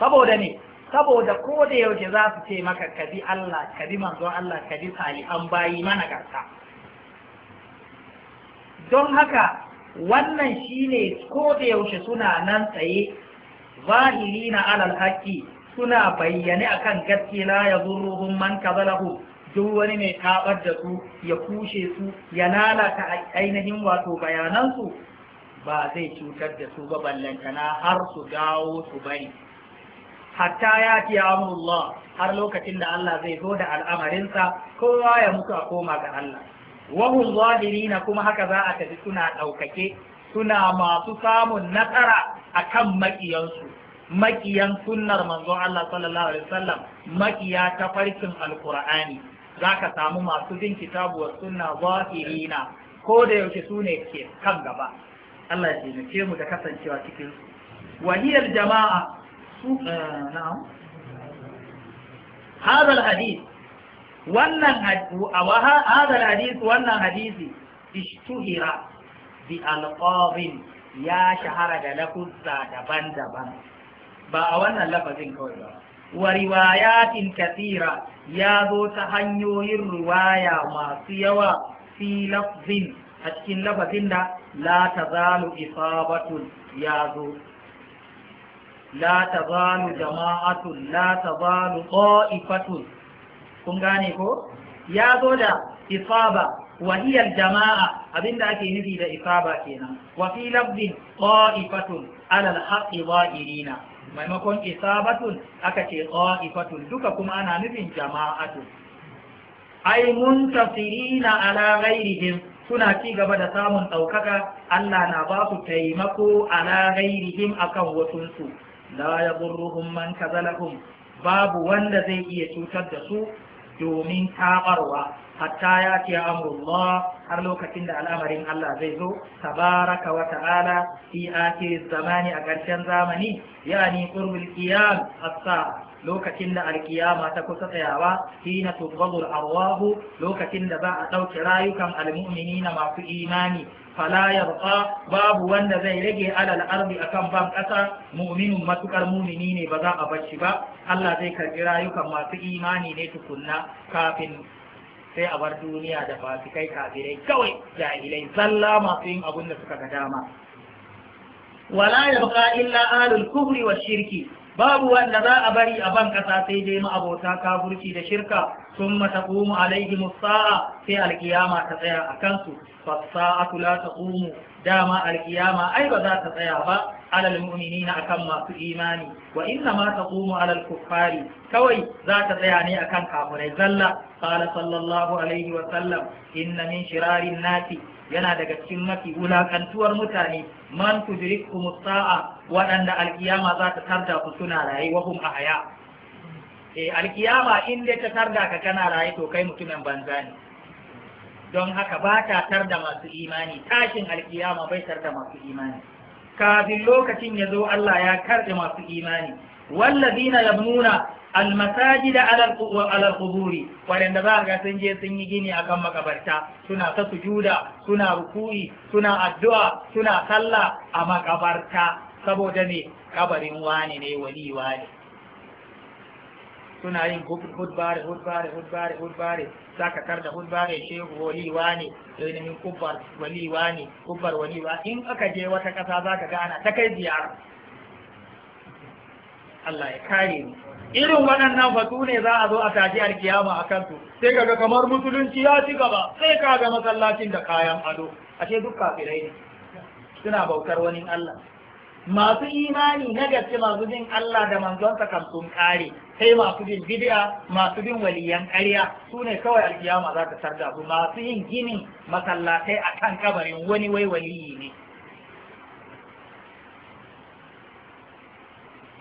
saboda ne saboda ko da yaushe za su ce maka ka bi Allah ka bi Allah ka bi an bayi mana garta don haka wannan shine ko da yaushe suna nan tsaye zahiri na alal haƙi suna bayyane akan gaskiya la ya zurruhun man kazalahu duk wani mai tabar da su ya kushe su ya lalata ainihin wato bayanansu ba zai cutar da su ba ballantana har su dawo su bari hatta ya ci amurullah har lokacin da Allah zai zo da al'amarinsa kowa ya mutu a koma ga Allah wahun zahirina kuma haka za a tafi suna ɗaukake suna masu samun nasara a kan maƙiyansu maƙiyan sunnar manzon Allah sallallahu alaihi wasallam maƙiya ta farkin alƙur'ani za ka samu masu bin kitabu wa suna zahirina ko da yaushe su ne ke kan gaba Allah ya ce mu da kasancewa cikin su wahiyar jama'a su eh, na'am hadal hadis wannan hadal hadith wannan hadisi ishtuhira bi alqabin ya shahara da lafuzza daban-daban ba a wannan lafazin kawai ba وروايات كثيرة يا ذو تهنيو الرواية ما سيوا في لفظ حَتَّى لفظ لا تزال إصابة يا ذو لا تزال جماعة لا تزال طائفة كم غانيكو يا ذو دا إصابة وهي الجماعة أبين داكي نفيد إصابة كينا وفي لفظ طائفة على الحق ظاهرين maimakon isabatun aka ce qa'ifatun duka kuma ana nufin jama'atun ai muntasirina ala ghairihim suna ci gaba da samun ɗaukaka Allah na ba su taimako ala ghairihim akan wasunsu la yadurruhum man kazalahum babu wanda zai iya cutar da su domin taɓarwa hatta ya ce amrullah har lokacin da al'amarin Allah zai zo tabaraka wa ta'ala fi akhir zamani a ƙarshen zamani yani qurbul qiyam as lokacin da alkiyama ta kusa tsayawa hina tubghadul arwahu lokacin da za a ɗauki rayukan almu'minina masu imani fala yarqa babu wanda zai rage alal ardi akan ban kasa mu'minun matukar mu'mini ne ba za a bar shi ba Allah zai karbi rayukan masu imani ne tukunna kafin sai a bar duniya da fasikai kafirai kawai jahilai zalla masu yin abin da suka ga dama wala ya baka illa alul kufri wa shirki babu wanda za a bari a ban kasa sai dai ma'abota kafirci da shirka sun mataqumu alaihi musa'a sai alƙiyama ta tsaya a kansu fasa'atu la taqumu dama alkiyama ai ba za ta tsaya ba alal mu'minina akan masu imani wa inna ma taqumu alal kuffari kawai za ta tsaya ne akan kafirai zalla qala sallallahu alaihi wa sallam inna min shirarin nati yana daga cikin mafi wulakantuwar mutane man tudrikumus sa'a waɗanda alkiyama za ta tarda ku suna raye wa hum ahya eh alkiyama in dai ta tarda ka kana raye to kai mutumin banza ne don haka ba ta tar da masu imani tashin alkiyama bai tar da masu imani kafin lokacin ya zo Allah ya karbe masu imani wallazina yabnuna almasajida ala alquburi wanda za ga sun je sun yi gini akan makabarta suna ta sujuda suna ruku'i suna addu'a suna sallah a makabarta saboda ne kabarin wani ne wali wani suna yin hudbare hudbare hudbare hudbare za kar da hudbare ce waliwa ne ainihin kubbar waliwa ne kubbar waliwa in aka je wata ƙasa za ga ana ta kai ziyara Allah ya kare ni irin waɗannan fatu ne za a zo a taji alkiyama a kansu sai kaga kamar musulunci ya ci gaba sai kaga masallacin da kayan ado ashe duk kafirai ne suna bautar wani Allah masu imani na gaske masu jin Allah da manzonsa kan sun kare sai masu bin bid'a masu bin waliyan ƙarya su ne kawai alkiyama za ta sarda su masu yin ginin masallatai a kan kabarin wani wai waliyi ne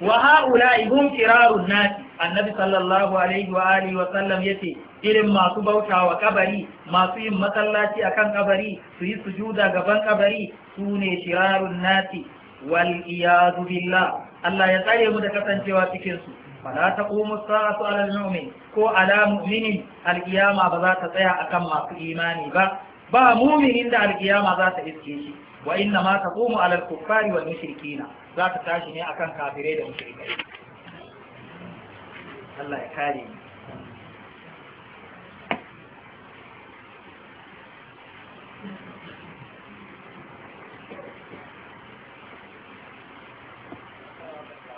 wa ha'ula ibun kirarun nasi annabi sallallahu alaihi wa alihi wa sallam yace irin masu bauta wa kabari masu yin masallaci akan kabari su yi sujuda gaban kabari su ne shirarun nasi wal iyadu billah Allah ya tsare mu da kasancewa cikin su فلا تقوم الساعة على المؤمن كو على مؤمن القيامة بذات تيا أكما في إيماني با با مؤمن عند القيامة ذات إسكيشي وإنما تقوم على الكفار والمشركين ذات تاشني أكم كافرين ومشركين الله يكاري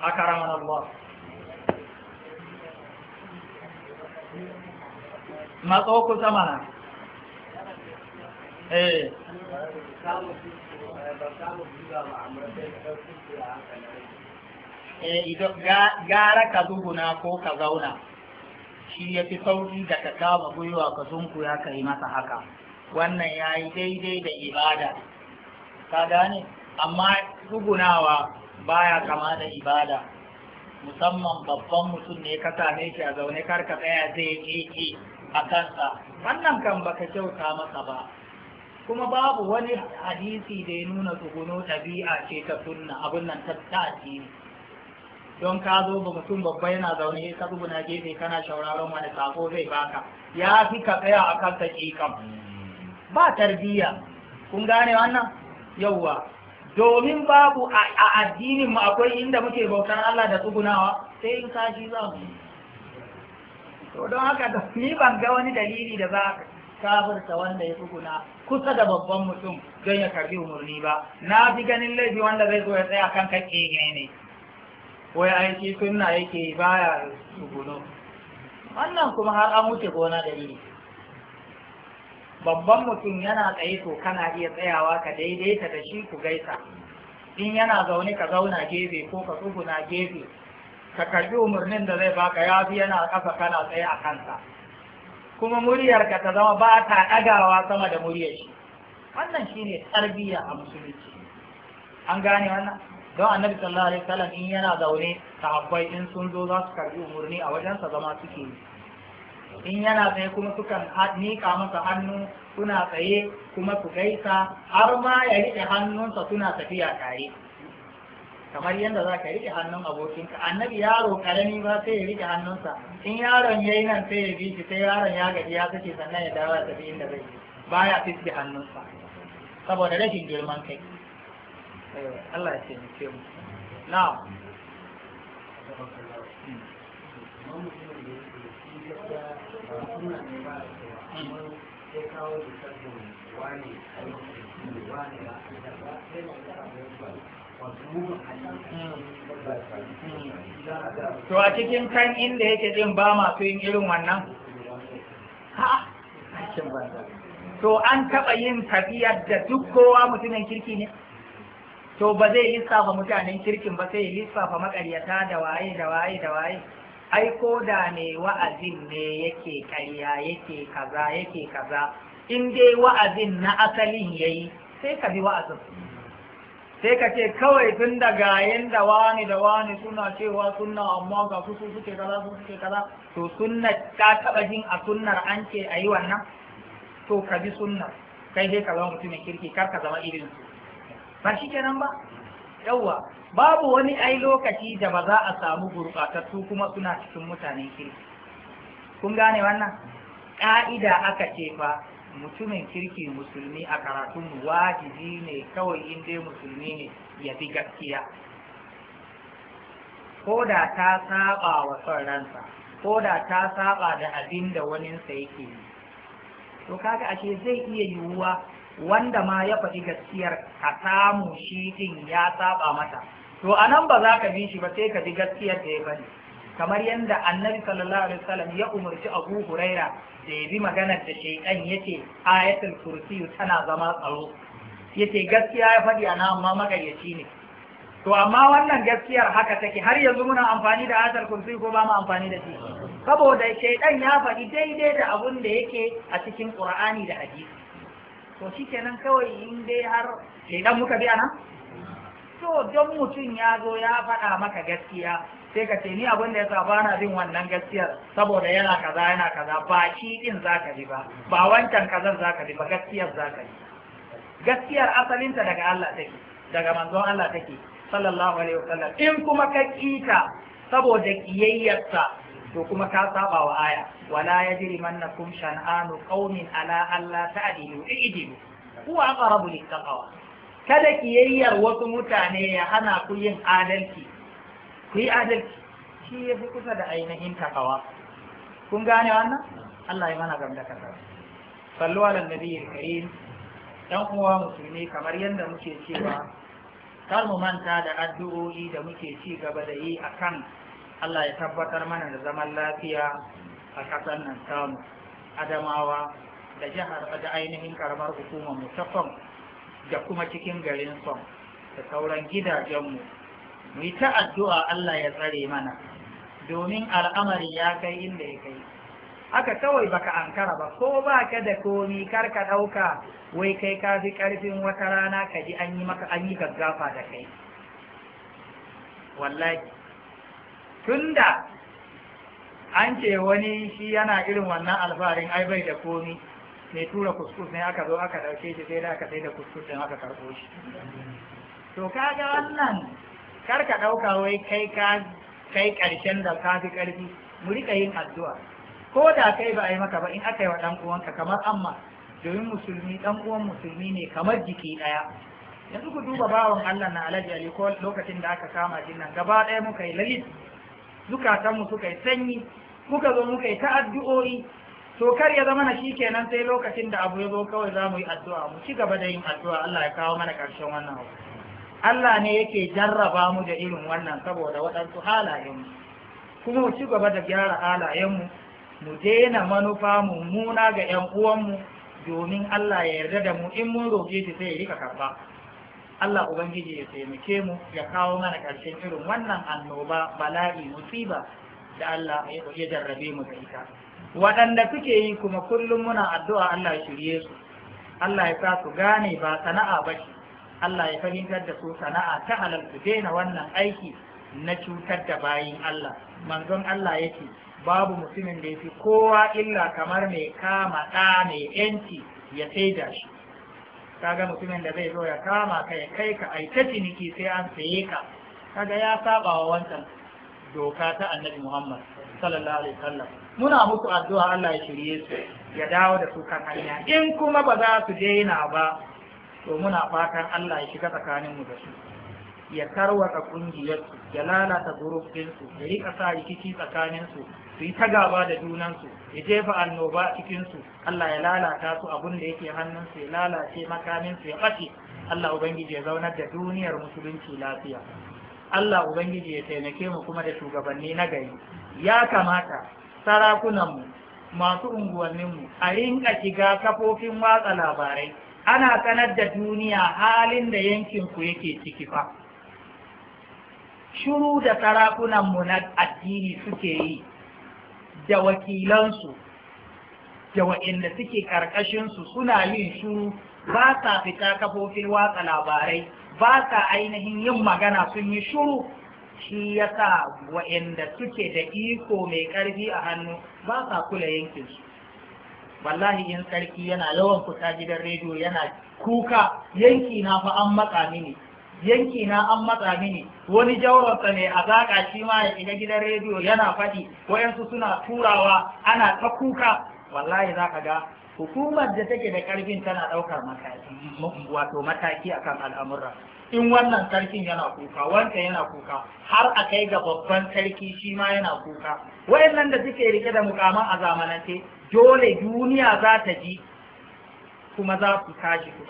أكرمنا الله matso kusa mana eh, eh gara ka zuguna ko ka zauna shi ya fi sauki da ka kama gwiwa ka sunku ya ka masa haka wannan ya yi daidai da ibada ka gane amma ba baya kama da ibada musamman babban mutum ne ka same shi a zaune kar ka tsaya zai keke a kansa wannan kan baka kyauta masa ba kuma babu wani hadisi da ya nuna tsuguno ɗabi'a ce ta sunna abin nan ta tasiri don ka zo ba mutum babba yana zaune ka na gefe kana shauraron wani sako zai baka ya fi ka tsaya a kan kam ba tarbiyya kun gane wannan yauwa domin babu a addinin mu akwai inda muke bautar Allah da tsugunawa sai in kashi za mu to don haka ni ban ga wani dalili da za kafirta wanda ya tsuguna kusa da babban mutum don ya karbi umarni ba na fi ganin laifi wanda zai zo ya tsaya kan kake ne wai aiki sunna yake baya tsuguno wannan kuma har an wuce gona da ni. babban mutum yana tsaye to kana iya tsayawa ka daidaita da shi ku gaisa in yana zaune ka zauna gefe ko ka tsuguna gefe ka karbi umarnin da zai baka ya fi yana ƙasa kana tsaye a kansa kuma muryarka ta zama ba ta ɗagawa sama da muryar shi wannan shine tarbiyya a musulunci an gane wannan don annabi sallallahu alaihi wasallam in yana zaune sahabbai in sun zo za su karbi umarni a wajensa zama suke yi in yana tsaye kuma sukan miƙa masa hannu suna tsaye kuma su gaisa har ma ya riƙe hannunsa suna tafiya tare kamar yadda za ka riƙe hannun abokinka annabi yaro karami ba sai ya riƙe hannunsa in yaron ya yi nan sai ya bi shi sai yaron ya gaji ya sake sannan ya dawo da tafi inda zai ya fiske hannunsa saboda rashin girman kai eh, Allah ya ce mu na'am ya hmm. to a cikin kan inda yake jin ba masu yin irin wannan ha to an taɓa yin tafiyar da duk kowa mutumin kirki ne to ba zai lissafa mutanen kirkin ba sai lissafa makaryata da waye da waye da waye ai ko da ne wa'azin ne yake karya yake kaza yake kaza in dai wa'azin na asalin yayi sai ka bi wa'azin sai ka ce kawai tun da gayen da wani da wani suna cewa sunna amma ga su su suke kaza su suke kaza to sunna ta taba jin a sunnar an ce a yi wannan to ka bi sunnar kai sai ka zama mutumin kirki kar ka zama irin su ba shi kenan ba yawwa babu wani ai lokaci da ba za a samu gurɓatattu kuma suna cikin mutanen kirki kun gane wannan ƙa'ida aka ce fa mutumin kirki musulmi a karatun wajibi ne kawai inda musulmi ne ya fi gaskiya ko da ta saba wa son ko da ta saba da abin da waninsa yake yi to kaga ashe zai iya yiwuwa wanda ma ya faɗi gaskiyar ka samu shi din ya saba mata to a nan ba za ka bi shi ba sai ka bi gaskiyar da ya bani. kamar yadda annabi sallallahu alaihi wasallam ya umarci abu huraira da ya bi maganar da shaidan ya ce ayatul kursi tana zama tsaro ya ce gaskiya ya faɗi ana amma magayyaci ne to amma wannan gaskiyar haka take har yanzu muna amfani da ayatul kursi ko ba mu amfani da shi saboda shaidan ya faɗi daidai da abun da yake a cikin qur'ani da hadisi to shikenan kawai in dai har shaidan muka bi anan to don mutum ya zo ya faɗa maka gaskiya sai ka ce ni abin da ya sa ba na bin wannan gaskiyar saboda yana kaza yana kaza ba shi din ka bi ba ba wancan kazar ka bi ba gaskiyar za ka bi gaskiyar asalinta daga Allah take daga manzon Allah take sallallahu alaihi wasallam in kuma ka kita saboda kiyayyarsa to kuma ka saba wa aya wala yajri mannakum shan'anu qaumin ala alla ta'dilu i'dilu huwa aqrabu lit-taqwa kada kiyayyar wasu mutane ya hana ku yin adalci ku yi adalci shi ya fi kusa da ainihin takawa kun gane wannan Allah ya mana gamda kasa sallu ala nabiyyi karim dan uwa musulmi kamar yadda muke cewa kar mu manta da addu'o'i da muke ci gaba da yi akan Allah ya tabbatar mana da zaman lafiya a kasar nan samu adamawa da jihar da ainihin karamar hukumar mu da kuma cikin garin son da sauran gidajenmu mu yi ta addu'a Allah ya tsare mana domin al'amari ya kai inda ya kai aka kawai baka ankara ba ko ba ka da komi kar ka ɗauka wai kai ka fi ƙarfin wata rana ka ji an yi maka an yi gaggafa da kai wallahi tunda an ce wani shi yana irin wannan alfarin ai bai da komi mai tura kuskus ne aka zo aka ɗauke shi sai da aka sai da kuskus ɗin aka karɓo shi to kaga wannan kar ka ɗauka wai kai ka kai ƙarshen da ka fi ƙarfi mu riƙa yin addu'a ko da kai ba a yi maka ba in aka yi wa ɗan uwanka kamar amma domin musulmi ɗan uwan musulmi ne kamar jiki ɗaya yanzu ku duba bawan Allah na Alhaji Ali ko lokacin da aka kama jin nan gaba ɗaya muka yi lalit zukatanmu suka yi sanyi muka zo muka yi ta addu'o'i to kar ya zama na kenan sai lokacin da abu ya zo kawai za mu yi addu'a mu ci gaba da yin addu'a Allah ya kawo mana ƙarshen wannan abu Allah ne yake jarraba mu da irin wannan saboda waɗansu halayenmu kuma mu ci gaba da gyara halayenmu mu daina manufa mummuna ga 'yan uwanmu domin Allah ya yarda da mu in mun roƙe shi sai ya rika karɓa Allah ubangiji ya taimake mu ya kawo mana ƙarshen irin wannan annoba bala'i musiba da Allah ya jarrabe mu da ita waɗanda suke yi kuma kullum muna addu'a Allah ya shirye su Allah ya sa su gane ba sana'a ba shi. Allah ya fahimtar da su sana'a ta halartu daina wannan aiki na cutar da bayin Allah manzon Allah yake babu mutumin da yafi kowa illa kamar mai kama ɗa mai yanci ya saida shi kaga mutumin da zai zo ya kama ka ya kai ka ta ciniki sai an saye ka kaga ya saba wa wancan doka ta annabi Muhammad sallallahu alaihi wasallam muna muku addu'a Allah ya shirye su ya dawo da su kan hanya in kuma ba za su daina ba to muna fatan Allah ya shiga tsakanin mu da su ya tarwata ƙungiyarsu, ya lalata su ya rika sa rikici tsakaninsu, su yi ta gaba da junansu, ya jefa annoba cikinsu, Allah ya lalata su abun da yake hannunsu, ya lalace makaminsu ya ɓace, Allah Ubangiji ya zaunar da duniyar musulunci lafiya. Allah Ubangiji ya taimake mu kuma da shugabanni na gari. Ya kamata sarakunanmu, masu unguwanninmu, a rinka shiga kafofin watsa labarai, ana sanar da duniya halin da yankin ku yake ciki fa shuru da sarakunanmu na addini suke yi da wakilansu da wa'inda suke ƙarƙashinsu suna yin shuru ba sa fita kafofin watsa labarai ba sa ainihin yin magana sun yi shuru shi ya sa wa'inda suke da iko mai ƙarfi a hannu ba sa kula yankinsu wallahi in sarki yana yawan fita gidan rediyo yana kuka yanki na fa an matsa mini yanki na an matsa mini wani jawarsa ne a zaƙa shi ma ya shiga gidan rediyo yana faɗi wayansu suna turawa ana ta kuka wallahi za ga hukumar da take da ƙarfin tana ɗaukar mataki wato mataki akan al'amurra. in wannan sarkin yana kuka wanda yana kuka har a kai ga babban sarki shi ma yana kuka wayannan da suke rike da mukaman a zamanance dole duniya za ta ji kuma za su tashi su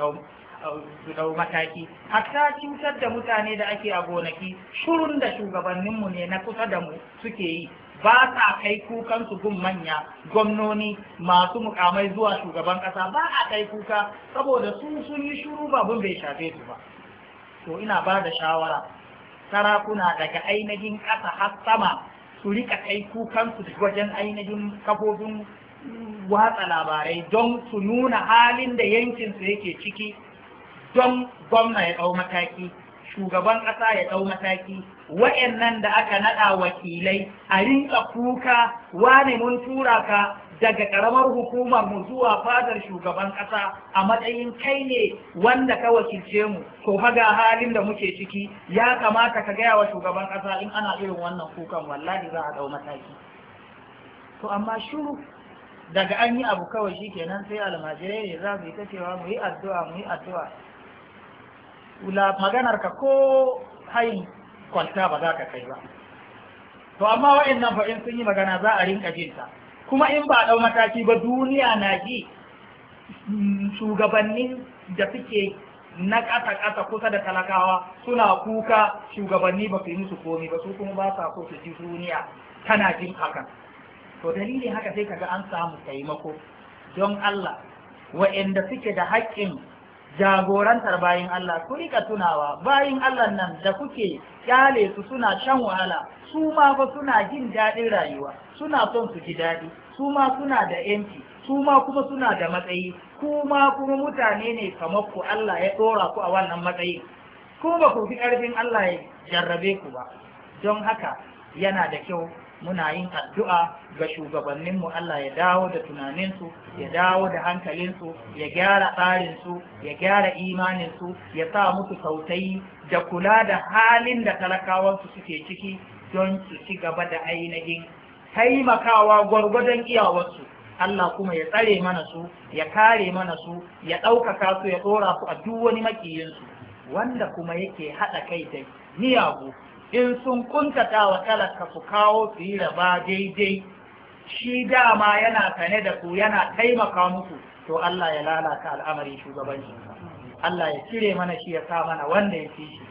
dau mataki hatta cutar da mutane da ake a gonaki shurun da shugabanninmu ne na kusa da mu suke yi ba sa kai kukan su gun manya gwamnoni masu mukamai zuwa shugaban kasa ba a kai kuka saboda su sun yi shuru babun bai shafe su ba to ina ba da shawara sarakuna daga ainihin ƙasa har sama su rika kai kukansu wajen ainihin kafofin watsa labarai don su nuna halin da yankinsu yake ciki don gwamna ya ɗau mataki shugaban ƙasa ya ɗau mataki wa'annan da aka naɗa wakilai a rinka kuka wane mun tura ka daga ƙaramar hukumar mu zuwa fadar shugaban ƙasa a matsayin kai ne wanda ka wakilce mu ko haga halin da muke ciki ya kamata ka gaya wa shugaban ƙasa in ana irin wannan kukan wallahi za a ɗau mataki to amma shuru daga an yi abu kawai shi kenan sai almajirai ne za su yi ta cewa mu yi addu'a mu yi addu'a maganar ka ko hayin kwalta ba za ka kai ba to amma wa'annan fa sun yi magana za a rinka jin ta kuma in ba dau mataki ba duniya na ji mm, shugabannin da suke na ƙasa ƙasa kusa da talakawa suna kuka shugabanni ba su yi musu komi ba su kuma ba sa so su ji duniya tana jin hakan to dalilin haka sai kaga an samu taimako don Allah wa'anda suke da haƙƙin jagorantar bayin Allah ku rika tunawa bayin Allah nan da kuke kyale su suna shan wahala su ma ba suna jin daɗin rayuwa suna son su ji daɗi su ma suna da yanci su ma kuma suna da matsayi ku ma kuma mutane ne kamar ku Allah ya ɗora ku a wannan matsayi ku ba ku fi ƙarfin Allah ya jarrabe ku ba don haka yana da kyau muna yin addu'a ga shugabanninmu Allah ya dawo da tunaninsu ya dawo da hankalinsu ya gyara tsarinsu ya gyara imaninsu ya sa musu sautai da kula da halin da talakawansu suke ciki don su ci gaba da ainihin taimakawa gwargwadon iyawarsu Allah kuma ya tsare mana su ya kare mana su ya ɗaukaka su ya ɗora su a duk wani makiyinsu wanda kuma yake haɗa kai da miyagu in sun kuntata wa talaka su kawo su yi raba daidai shi dama yana sane da ku yana taimaka musu to Allah ya lalata al'amari shugabanci Allah ya cire mana shi ya sa mana wanda ya fi shi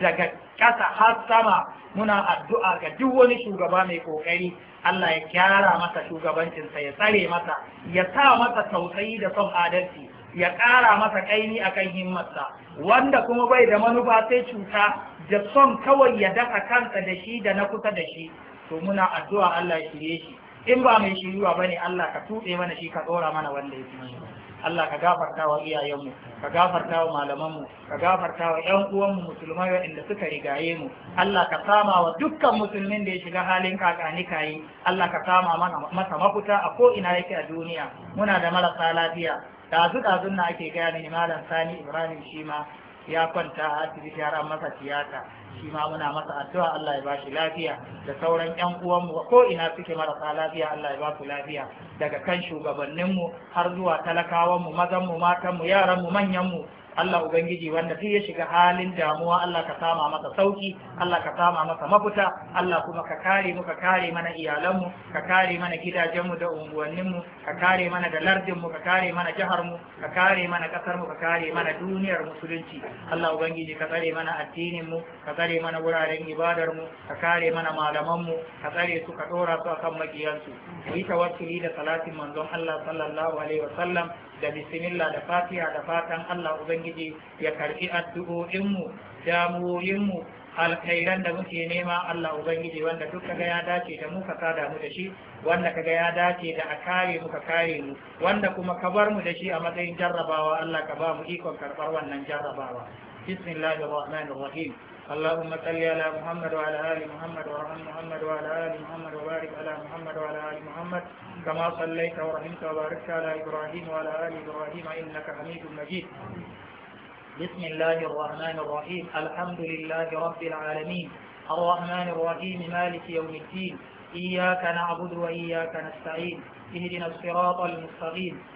daga ƙasa har sama muna addu'a ga duk wani shugaba mai ƙoƙari Allah ya kyara masa shugabancinsa ya tsare masa ya sa masa tausayi da son adalci ya ƙara masa ƙaini akan himmarsa wanda kuma bai da manufa sai cuta da son kawai ya daka kansa da shi da na kusa da shi to muna addu'a Allah ya shirye shi in ba mai shiryuwa ne. Allah ka tuɗe mana shi ka tsora mana wanda ya fi Allah ka gafarta wa iyayenmu ka gafarta wa malamanmu ka gafarta wa ƴan uwanmu musulmai waɗanda suka rigaye mu Allah ka sama wa dukkan musulmin da ya shiga halin kakani kayi Allah ka sama mana masa mafuta a ko ina yake a duniya muna da marasa lafiya dazu dazun na ake gaya ni malam Sani Ibrahim Shima ya kwanta a asibiti har an masa tiyata shi ma muna masa addu'a Allah ya bashi lafiya da sauran ƴan uwanmu ko ina suke marasa lafiya Allah ya basu lafiya daga kan shugabanninmu har zuwa talakawanmu mazanmu matanmu yaranmu mu Allah Ubangiji wanda duk ya shiga halin damuwa Allah ka sama masa sauki Allah ka sama masa mafita Allah kuma ka kare mu ka kare mana iyalanmu ka kare mana gidajenmu da unguwanninmu ka kare mana da lardinmu ka kare mana jiharmu ka kare mana kasarmu ka kare mana duniyar musulunci Allah Ubangiji ka tsare mana addininmu ka tsare mana wuraren ibadarmu ka kare mana malamanmu ka tsare su ka ɗora su akan makiyansu mu yi tawakkuli da salatin manzon Allah sallallahu alaihi wasallam da bismillah da fatiha da fatan Allah ubangiji ya karbi addu'o'inmu damuwoyinmu alkhairan da muke nema Allah ubangiji wanda duk kaga ya dace da mu ka sada mu da shi wanda kaga ya dace da a kare mu ka kare mu wanda kuma ka bar mu da shi a matsayin jarrabawa Allah ka ba mu ikon karbar wannan jarrabawa bismillahir rahmanir rahim اللهم صل على محمد وعلى آل محمد وارحم محمد وعلى آل محمد وبارك على محمد وعلى آل محمد كما صليت ورحمت وباركت على إبراهيم وعلى آل إبراهيم إنك حميد مجيد بسم الله الرحمن الرحيم الحمد لله رب العالمين الرحمن الرحيم مالك يوم الدين إياك نعبد وإياك نستعين اهدنا الصراط المستقيم